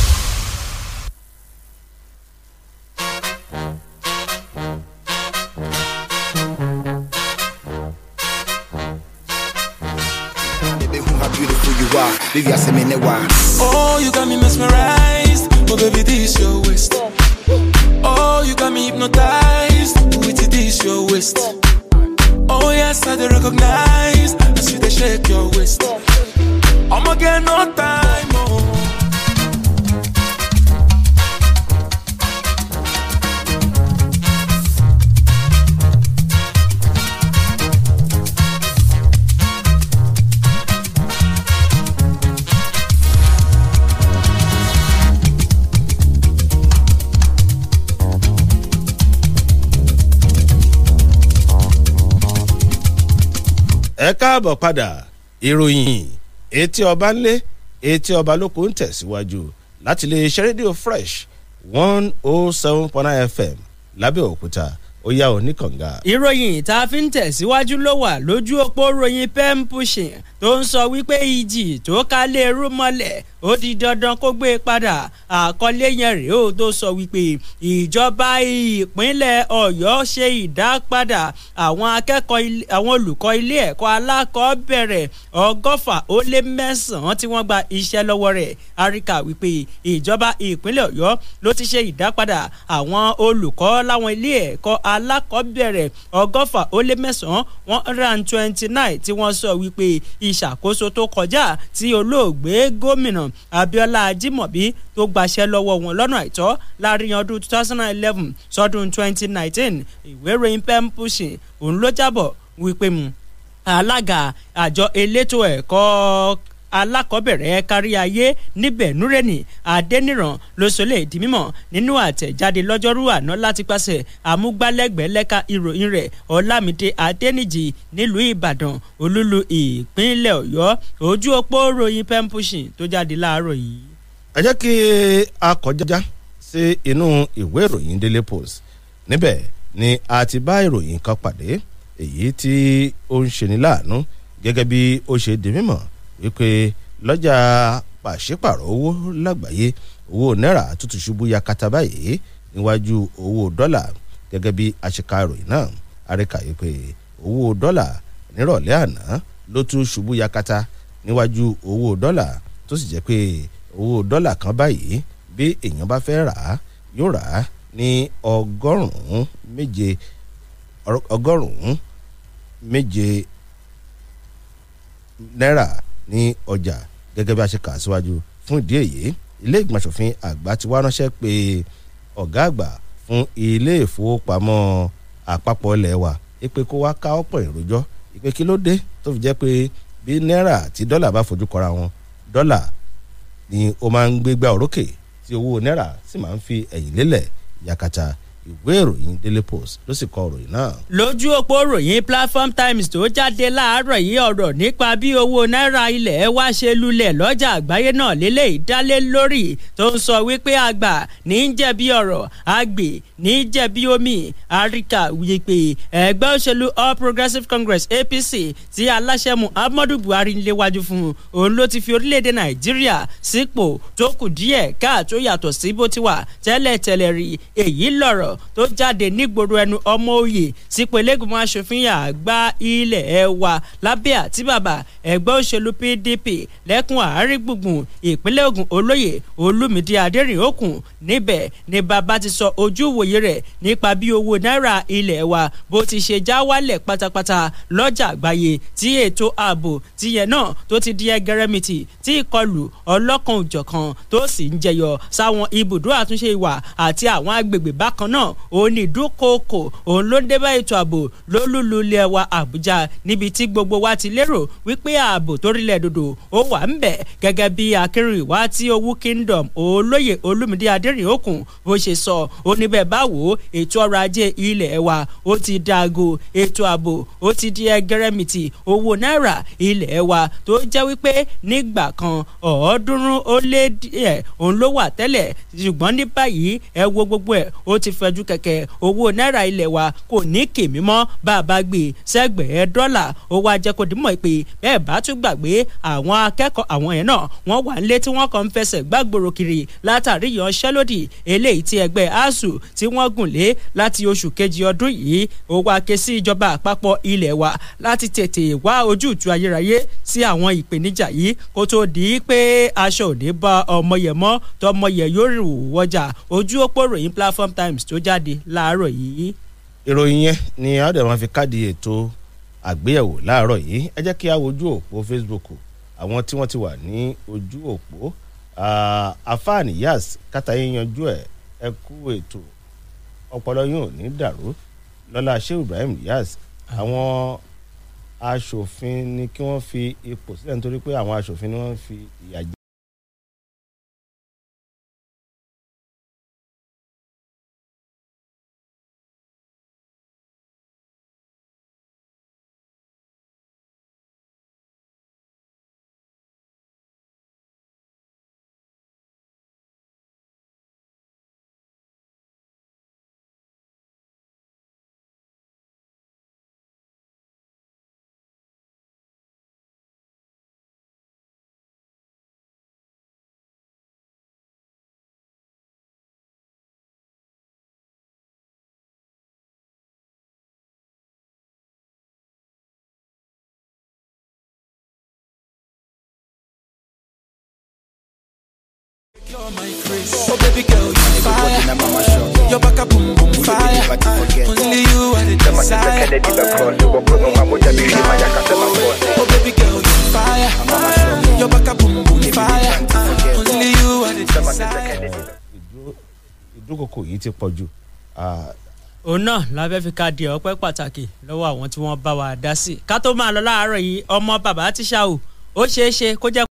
Leave your semi newa. Oh, you got me mesmerized. Oh, baby, this your waist. Oh, you got me hypnotized. With this your waist. Oh, yes, I do recognize. I see they shake your waist. I'm going to get no time. ẹ káàbọ̀ padà ìròyìn etí ọba ńlé etí ọba lóko ń tẹ̀síwájú láti lè ṣe rédíò fresh one oh seven point nine fm lábẹ́òkúta ó yá òní kànga. ìròyìn tá a fi ń tẹ̀síwájú ló wà lójú òpó ròyìn pen pushing tó ń sọ wípé ìjì tó ká lè rú mọ́lẹ̀ ó di dandan kó gbé e padà àkọlé yẹn rèé ó tó sọ wípé ìjọba ìpínlẹ̀ ọ̀yọ́ ṣe ìdápadà àwọn akẹ́kọ̀ọ́ àwọn olùkọ́ ilé ẹ̀kọ́ alákọ̀ọ́bẹ̀rẹ̀ ọgọ́fà ó lé mẹ́sàn-án tí wọ́n gba iṣẹ́ lọ́wọ́ rẹ̀ áríkà wípé ìjọba ìpínlẹ̀ ọ̀yọ́ ló ti ṣe ìdápadà àwọn olùkọ́ láwọn ilé ẹ̀kọ́ alákọ̀ọ́bẹ̀rẹ̀ ọgọ́fà ó lé mẹ́sàn-án one hundred and twenty nine tí wọ́n sọ wípé ìṣàkóso tó kọjá tí olóògbé gómìnà Abiola Ajimobi tó gbaṣẹ́ lọ́wọ́ wọn lọ́nà àìtọ́ láàrin ọdún 2011 sọdún 2019 ìwé ìròyìn pen pushing òun ló jábọ̀ wípé mu hmm, alága àjọ elétò ẹ̀kọ́ alákọ̀ọ́bẹ̀rẹ̀ kárí ayé níbẹ̀ núrẹ́nì adẹ́nìràn lọ́sọ̀lẹ̀ di mímọ̀ nínú àtẹ̀jáde lọ́jọ́rú àná láti pàṣẹ àmúgbálẹ́gbẹ̀ẹ́ lẹ́ka ìròyìn rẹ̀ ọ̀làmídé adẹ́nìjì nílùú ìbàdàn olúlu ìpínlẹ̀ ọ̀yọ́ ojú òpó ròyìn pemphucin tó jáde láàárọ̀ yìí. ẹ jẹ́ kí a kọjá sí inú ìwé ìròyìn daily post níbẹ̀ ni a ti bá ìròyìn kan pàdé èyí tí ó ń ṣeni láàánú gẹ́gẹ́ bí ó ṣe di mímọ̀ wípé lọ́jà pàṣípàrọ̀ owó lágbàáyé owó náírà tútù ṣubú yakata báyìí níwájú owó dọ́là gẹ́gẹ́ bí àṣekáròyìn náà àríkà wípé owó dọ́là nírọ̀lẹ́ àná ló tún ṣubú yakata níwájú owó dọ́là tó sì jẹ́ pé owó dọ́là kan báyìí bí èèyàn bá fẹ́ rà á yóò rà á ní ọgọ́rùn-ún méje ọgọ́rùn-ún méje náírà ní ọjà gẹ́gẹ́ bí a ṣe kà síwájú fún ìdí èyí ilé ìgbìmọ̀ àgbà ti wá ránṣẹ́ pé ọ̀gá àgbà fún ilé ìfowópamọ́ àpapọ̀ ilẹ̀ wa ipe kó wá ká ọ̀pọ̀ ìrójọ́ ipe kí ló dé tó fi jẹ́ pé bí náírà àti dọ́là bá fojú kọra wọn dọ́là ni ó máa ń gbégbá òrókè tí owó náírà sì máa ń fi ẹ̀yìn lélẹ̀ yakata ìwé ìròyìn daily post ló sì kọ ìròyìn náà. lójú òpó ròyìn platform times tó jáde láàárọ̀ yìí ọ̀rọ̀ nípa bí owó náírà ilẹ̀ wa ṣe lulẹ̀ lọ́jà àgbáyé náà lélẹ̀ ìdálé lórí tó ń sọ wípé àgbà ní í jẹ̀bi ọ̀rọ̀ àgbè ní í jẹ̀bi omi àríkà wípé ẹgbẹ́ òṣèlú all progressives congress apc tí aláṣẹ muhammadu buhari ń léwájú fún òun ló ti fi orílẹ̀-èdè nàìjíríà sípò tó kù díẹ̀ káà tó yàtọ̀ sí bó ti wà tẹ́lẹ̀tẹ́lẹ̀ rí èyí lọ̀rọ̀ sọ̀rọ̀ tó jáde nígboro ẹnu ọmọ òye sípò ilégbèmọ̀ asòfin àgbà ilẹ̀ ẹ wa lábẹ́ àti bàbà ẹgbẹ́ òṣèlú pdp lẹ́kùn àárín gbùngbùn ìpínlẹ̀ ogun olóyè olùmídìí adẹ́rìnòkun níbẹ̀ ni bàbá ti sọ ojú ìwòye rẹ̀ nípa bí owó náírà ilẹ̀ wa bó ti ṣe já wálẹ̀ pátápátá lọ́jà àgbáyé tí ètò ààbò tiyẹn náà tó ti di ẹgẹrẹmìtì tí ìkọlù ọlọ́kan òjọ̀kan tó sì ń jẹyọ sáwọn ibùdó àtúnṣe ìwà àti àwọn agbègbè bákan náà náà òun ní ìdúkòkò òun ló ń dé bá ètò ààbò lólúlu ilẹ̀ wa àbújá níbi tí gbogbo wa ti lérò wípé ààbò torílẹ̀ dòdò ó wà ń bẹ̀ gẹ́gẹ́ bí akérèwá tí owó kingdom olóyè olúmídé adẹ́rìnòkun bó ṣe sọ ó níbẹ̀ báwo ètò ọrọ̀ ajé ilẹ̀ wa ó ti dàgò ètò ààbò ó ti di ẹgẹrẹmìtì owó náírà ilẹ̀ wa tó jẹ́ wípé nígbà kan ọ̀ọ́dúnrún ó lé díẹ̀ òun ló wà tẹ́lẹ̀ ṣùgbọ́n ní báyìí ẹ wo gbogbo ẹ̀ ó ti fẹ́ ìṣẹ́jú kẹ̀kẹ́ owó náírà ilẹ̀ wa kò ní kèmí mọ́ bá a bá gbé e sẹ́gbẹ̀ẹ́ dọ́là ó wá jẹ́ kó dìmọ̀ pé bẹ́ẹ̀ bá tún gbàgbé àwọn akẹ́kọ̀ọ́ àwọn yẹn náà wọ́n wà nílé tí wọ́n kàn ń fẹsẹ̀ gbàgbòrò kiri látàrí ìyanṣẹ́lódì eléyìí tí ẹgbẹ́ asuu tí wọ́n gùn lé láti oṣù kejì ọdún yìí ó wá sí ìjọba àpapọ̀ ilẹ̀ wa láti tètè wá ojútùú ayérayé sí àwọn ìpèníjà yìí kó tó di pé aṣọ òní bá ọmọ yẹn mọ́ tọmọ yẹn yóò rù wọjà ojú òpó ròyìn platform times tó jáde láàárọ̀ yìí. ìròyìn yẹn ni a dẹ̀ máa fi káàdì ètò àgbéyẹ̀wò láàárọ̀ yìí ẹ jẹ́ kí a wojú òpó Facebook àwọn tí wọ́n ti wà ní ojú òpó afaani yas kátàyé yanjú ẹ̀ ẹ kú ètò ọpọlọ yóò ní dàrú lọ́la sheu ibrahim yas àwọn aṣòfin ni kí wọ́n fi ipò sílẹ̀ nítorí pé àwọn aṣòfin ni wọ́n fi ìyà jẹ. Oh, oh baby girl, you fire. Your back a boom boom fire. Only you are the desire. Oh baby girl, you fire. Your back a boom boom fire. Only you are the desire. ìdúkokò yìí ti pọ̀ jù. òun náà la fẹ́ fi ka di ọpẹ́ pàtàkì lọ́wọ́ àwọn tí wọ́n bá wa dá sí ká tó máa lọ láàárọ̀ yìí ọmọ bàbá tíṣà o ó ṣeé ṣe kó jẹ́.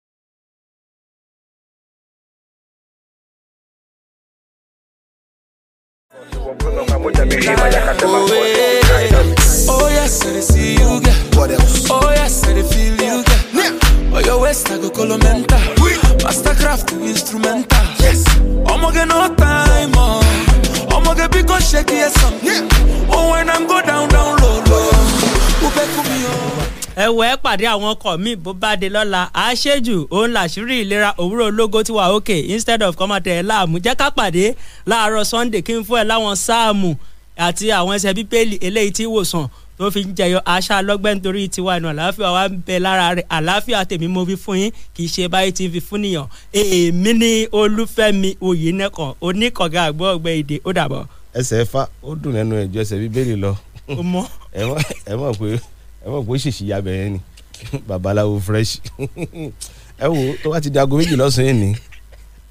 dey see you get. What else? Oh yes, I dey feel you get. Yeah. On oh, your waist I go colomenta. Oui. Mastercraft instrumental. Yes. Omo get no time on. Oh. Omo get big on shaky yes on. Um. Yeah. Oh when I'm go down down low low. Ube kumi o. Oh. ẹ wọ ẹ pàdé àwọn ọkọ mi bó bá dé lọ́la àṣejù òun làṣírí ìlera òwúrò ológo tí wà òkè instead of kọ́mọtẹ̀ ẹ̀ láàmú jẹ́ ká pàdé láàárọ̀ sunday kí n fún ẹ láwọn sáàmù àti àwọn ẹsẹ̀ bíbélì eléyìí tí wòsàn tó fi ń jẹyọ àṣà lọ́gbẹ́ nítorí tiwa inú àlàáfíà wa ń bẹ lára rẹ̀ àlàáfíà tèmi mo fi fún yín kì í ṣe báyìí ti fi fún nìyàn èmi ní olúfẹ́mi oyinẹ̀kan oníkọ̀gá àgbọ̀ ọ̀gbẹ́ èdè ó dàbọ̀. ẹsẹ̀ fa ó dùn lẹ́nu ẹ̀jọ́ ẹsẹ̀ bíbélì lọ ẹ mọ̀ pé ẹ mọ̀ pé ṣèṣì ya bẹ̀rẹ̀ ni babaláwo fresh ẹ wo tó bá ti di aago méjì lọ́sàn-án yìí ni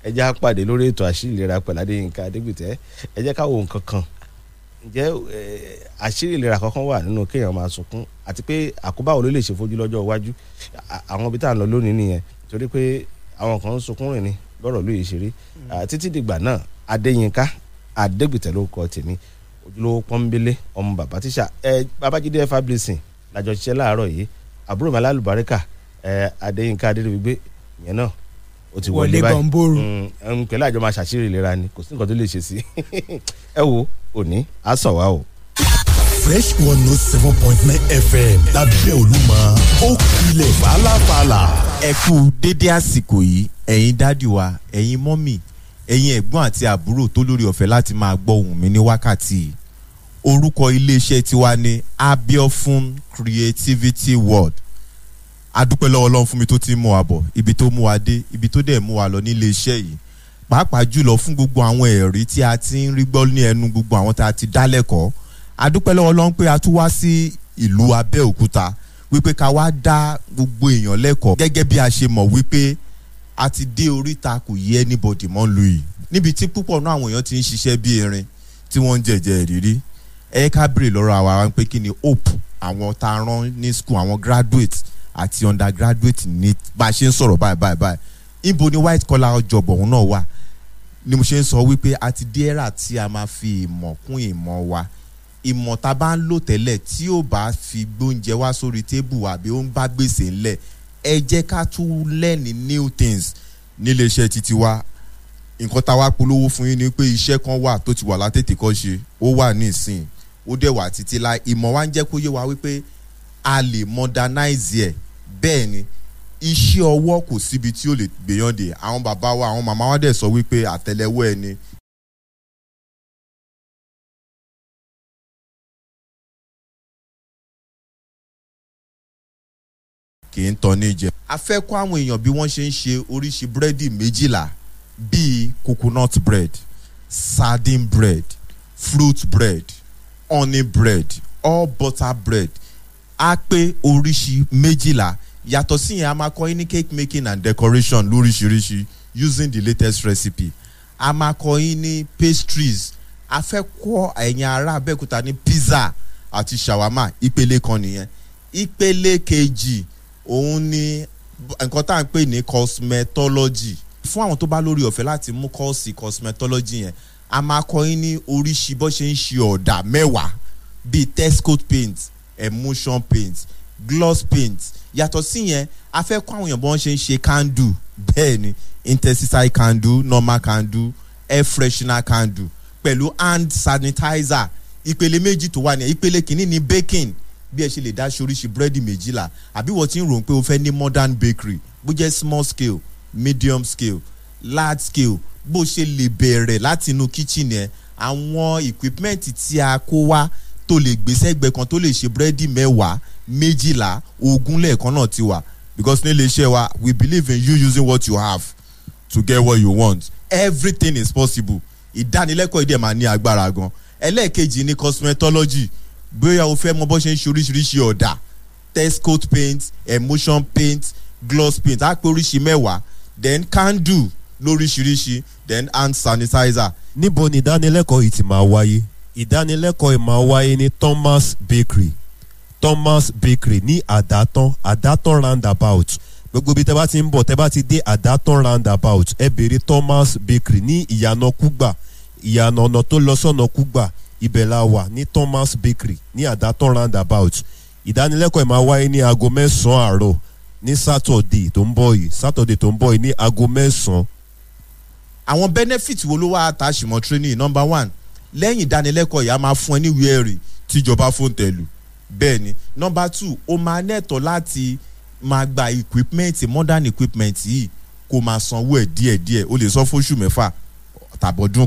ẹ jẹ́ á pàdé lórí ètò àṣìlera pẹ̀lú Adéyínká Adégbìtẹ́ ẹ jẹ́ ká nǹkan kan ǹjẹ́ àṣírí ìlera kankan wà nínú kéèyàn máa sunkún àti pé àkóbá wo ló lè ṣe fojú lọ́jọ́ iwájú àwọn ibi tá à ń lọ lónìí nìyẹn torí pé àwọn kan ń sunkún rìn ni lọ́rọ̀ lóye ṣeré hmm. títí dìgbà náà Adéyínká Adégbìtẹ́ ló kọ tèmi ojúlówó pọ́nbélé ọmọ bàbá tíṣà ẹ Babájídé fa blessing làjọ ṣiṣẹ́ láàárọ̀ yìí àbúrò mi alálùbáríkà ẹ Adéyínká Adédèwígbé yẹn náà o ti wọlé báyìí hmm, n pẹ̀lú ẹ wo òní á sọ wá fresh one note oh seven point nine fm lábẹ́ olúmọ ó kulẹ̀ fàlàfàlà. ẹ kú dédé àsìkò yìí ẹ̀yin dádì wa ẹ̀yin mọ́mì ẹ̀yin ẹ̀gbọ́n àti àbúrò tó lórí ọ̀fẹ́ láti máa gbọ́ ohùn mi ní wákàtí orúkọ iléeṣẹ́ tiwa ní abiofun creativity world adúpẹ́ lọ́wọ́ lọ́n fún mi tó ti mú wa bọ̀ ibi tó mú wa dé ibi tó dẹ̀ mú wa lọ nílé iṣẹ́ yìí pàápàá jùlọ fún gbogbo àwọn ẹ̀rí tí a ti ń rí gbọ́ ní ẹnu gbogbo àwọn tá a ti dá adúpẹ́ lọ́wọ́ lọ́n pé a tún wá sí ìlú Abẹ́òkúta wípé ká wá dá gbogbo èèyàn lẹ́kọ̀ọ́ gẹ́gẹ́ bí a ṣe mọ̀ wípé a ti dé oríta kò yí anybody mọ́ lu yìí níbi tí púpọ̀ náà àwọn èèyàn ti ń ṣiṣẹ́ bí erin tí wọ́n ń jẹ̀jẹ̀ ìrírí ẹ ká béèrè lọ́rọ̀ àwa pé kí ni hope àwọn tá a rán ní school àwọn graduate àti undergraduate ní bá a ṣe ń sọ̀rọ̀ báyìí báyìí báyìí ibo ni white collar job ọ̀hún náà wà ni mo ṣe ń sọ wípé a ti dé ẹ̀rà tí a máa fi ìmọ̀ kún ìmọ̀ wa ìmọ̀ tá a bá ń lò tẹ́lẹ̀ tí ò bá fi gbóúnjẹ wá sórí tébù àbí ó ń bá gbèsè ńlẹ̀ ẹ jẹ́ ká tún lẹ́ni new things níléeṣẹ́ títí wa nǹkan tá a wá polówó fún yín ni pé iṣẹ́ kan wà tó ti wà látètè kọ́ ṣe ó wà ní ìsìn ó dẹ̀ wà títí la ìmọ̀ wa ń jẹ́ kó yé wa wípé a lè modernize ẹ̀ bẹ́ẹ̀ ni iṣẹ́ ọwọ́ kò síbi tí ó lè gbèyànjẹ àwọn bàbá wa àwọn màmá wa dẹ̀ sọ wípé àtẹlẹwọ́ ẹni kì í tọ́ ní jẹ. a fẹ́ kọ́ àwọn èèyàn bí wọ́n ṣe ń ṣe oríṣi búrẹ́dì méjìlá bíi coconut bread sardine bread fruit bread honey bread all butter bread á pé oríṣi méjìlá yàtọ̀ sí yẹn a máa kọ́ yín cake making and decoration lóríṣiríṣi using the latest recipe a máa kọ́ yín ní pastries a fẹ́ kọ́ ẹ̀yin ará Abẹ́òkúta ní pizza àti shawama ìpele kan nìyẹn ìpele kejì òun ni nǹkan tá à ń pè ní cosmetology fún àwọn tó bá lórí ọ̀fẹ́ láti mú kọ́ọ̀sì cosmetology yẹn a máa kọ́ yín ní oríṣi bó ṣe ń ṣe ọ̀dà mẹ́wàá bíi test coat paint emulsion paint gloss paint yàtọ̀ sí yẹn a fẹ́ kọ́ àwọn èèyàn bó ṣe ń ṣe candle bẹ́ẹ̀ ni intensify candle normal candle air freshener candle pẹ̀lú hand sanitizer ìpele méjì tó wà ní ìpele kìíní ni baking bí ẹ ṣe lè dá ṣoríṣi búrẹ́dì méjìlá àbí wọ́n ti ń ròó pé o fẹ́ ní modern bakery bó jẹ́ small scale medium scale large scale bó ṣe lè bẹ̀rẹ̀ láti inú kitchen yẹn àwọn equipment tí a kó wá tó lè gbèsè ẹgbẹ́ kan tó lè ṣe búrẹ́dì mẹ́wàá méjìlá ogún lẹ́ẹ̀kan náà ti wà because nílé iṣẹ́ wa we believe in you using what you have to get what you want everything is possible ìdánilẹ́kọ̀ọ́ ìdí ẹ̀ máa ní agbára gan ẹlẹ́ẹ̀kejì ni cosmetology bóyá o fẹ́ mọ bó ṣe ń ṣe oríṣiríṣi ọ̀dà test coat paint emulsion paint gloss paint á pé oríṣi mẹ́wàá then candle lóríṣiríṣi then hand sanitizer. níbo ni ìdánilẹ́kọ̀ọ́ yìí ti máa wáyé ìdánilẹ́kọ̀ọ́ yìí máa wáyé ní Thomas Bakery Thomas Bakery ní àdátán àdátán roundabout gbogbo ibi tẹ́ bá ti ń bọ̀ tẹ́ bá ti dé àdátán roundabout ẹ béèrè Thomas Bakery ní ìyànà kúgbà ìyànà ọ̀nà tó lọ sọ́nà kúgbà ibẹ̀ la wà ní Thomas Bakery ní àdátàn roundabout ìdánilẹ́kọ̀ọ́ ẹ̀ máa wáyé ní aago mẹ́sàn-án àárọ̀ ní sátọ̀dé tó ń bọ̀ yìí sátọ̀dé tó ń bọ̀ yìí ní aago mẹ́sàn-án. àwọn benefit wo ló wá attach training number one lẹ́yìn ìdánilẹ́kọ̀ọ́ yìí a máa fún ẹ ní ìwé ẹ̀rí tíjọba fóun tẹ̀lú bẹ́ẹ̀ ni number two o máa lẹ́tọ̀ọ́ láti máa gba equipment modern equipment yìí kó máa sanwó ẹ̀ díẹ̀díẹ̀ o lè san fóṣù mẹ́fà tàbọ̀dún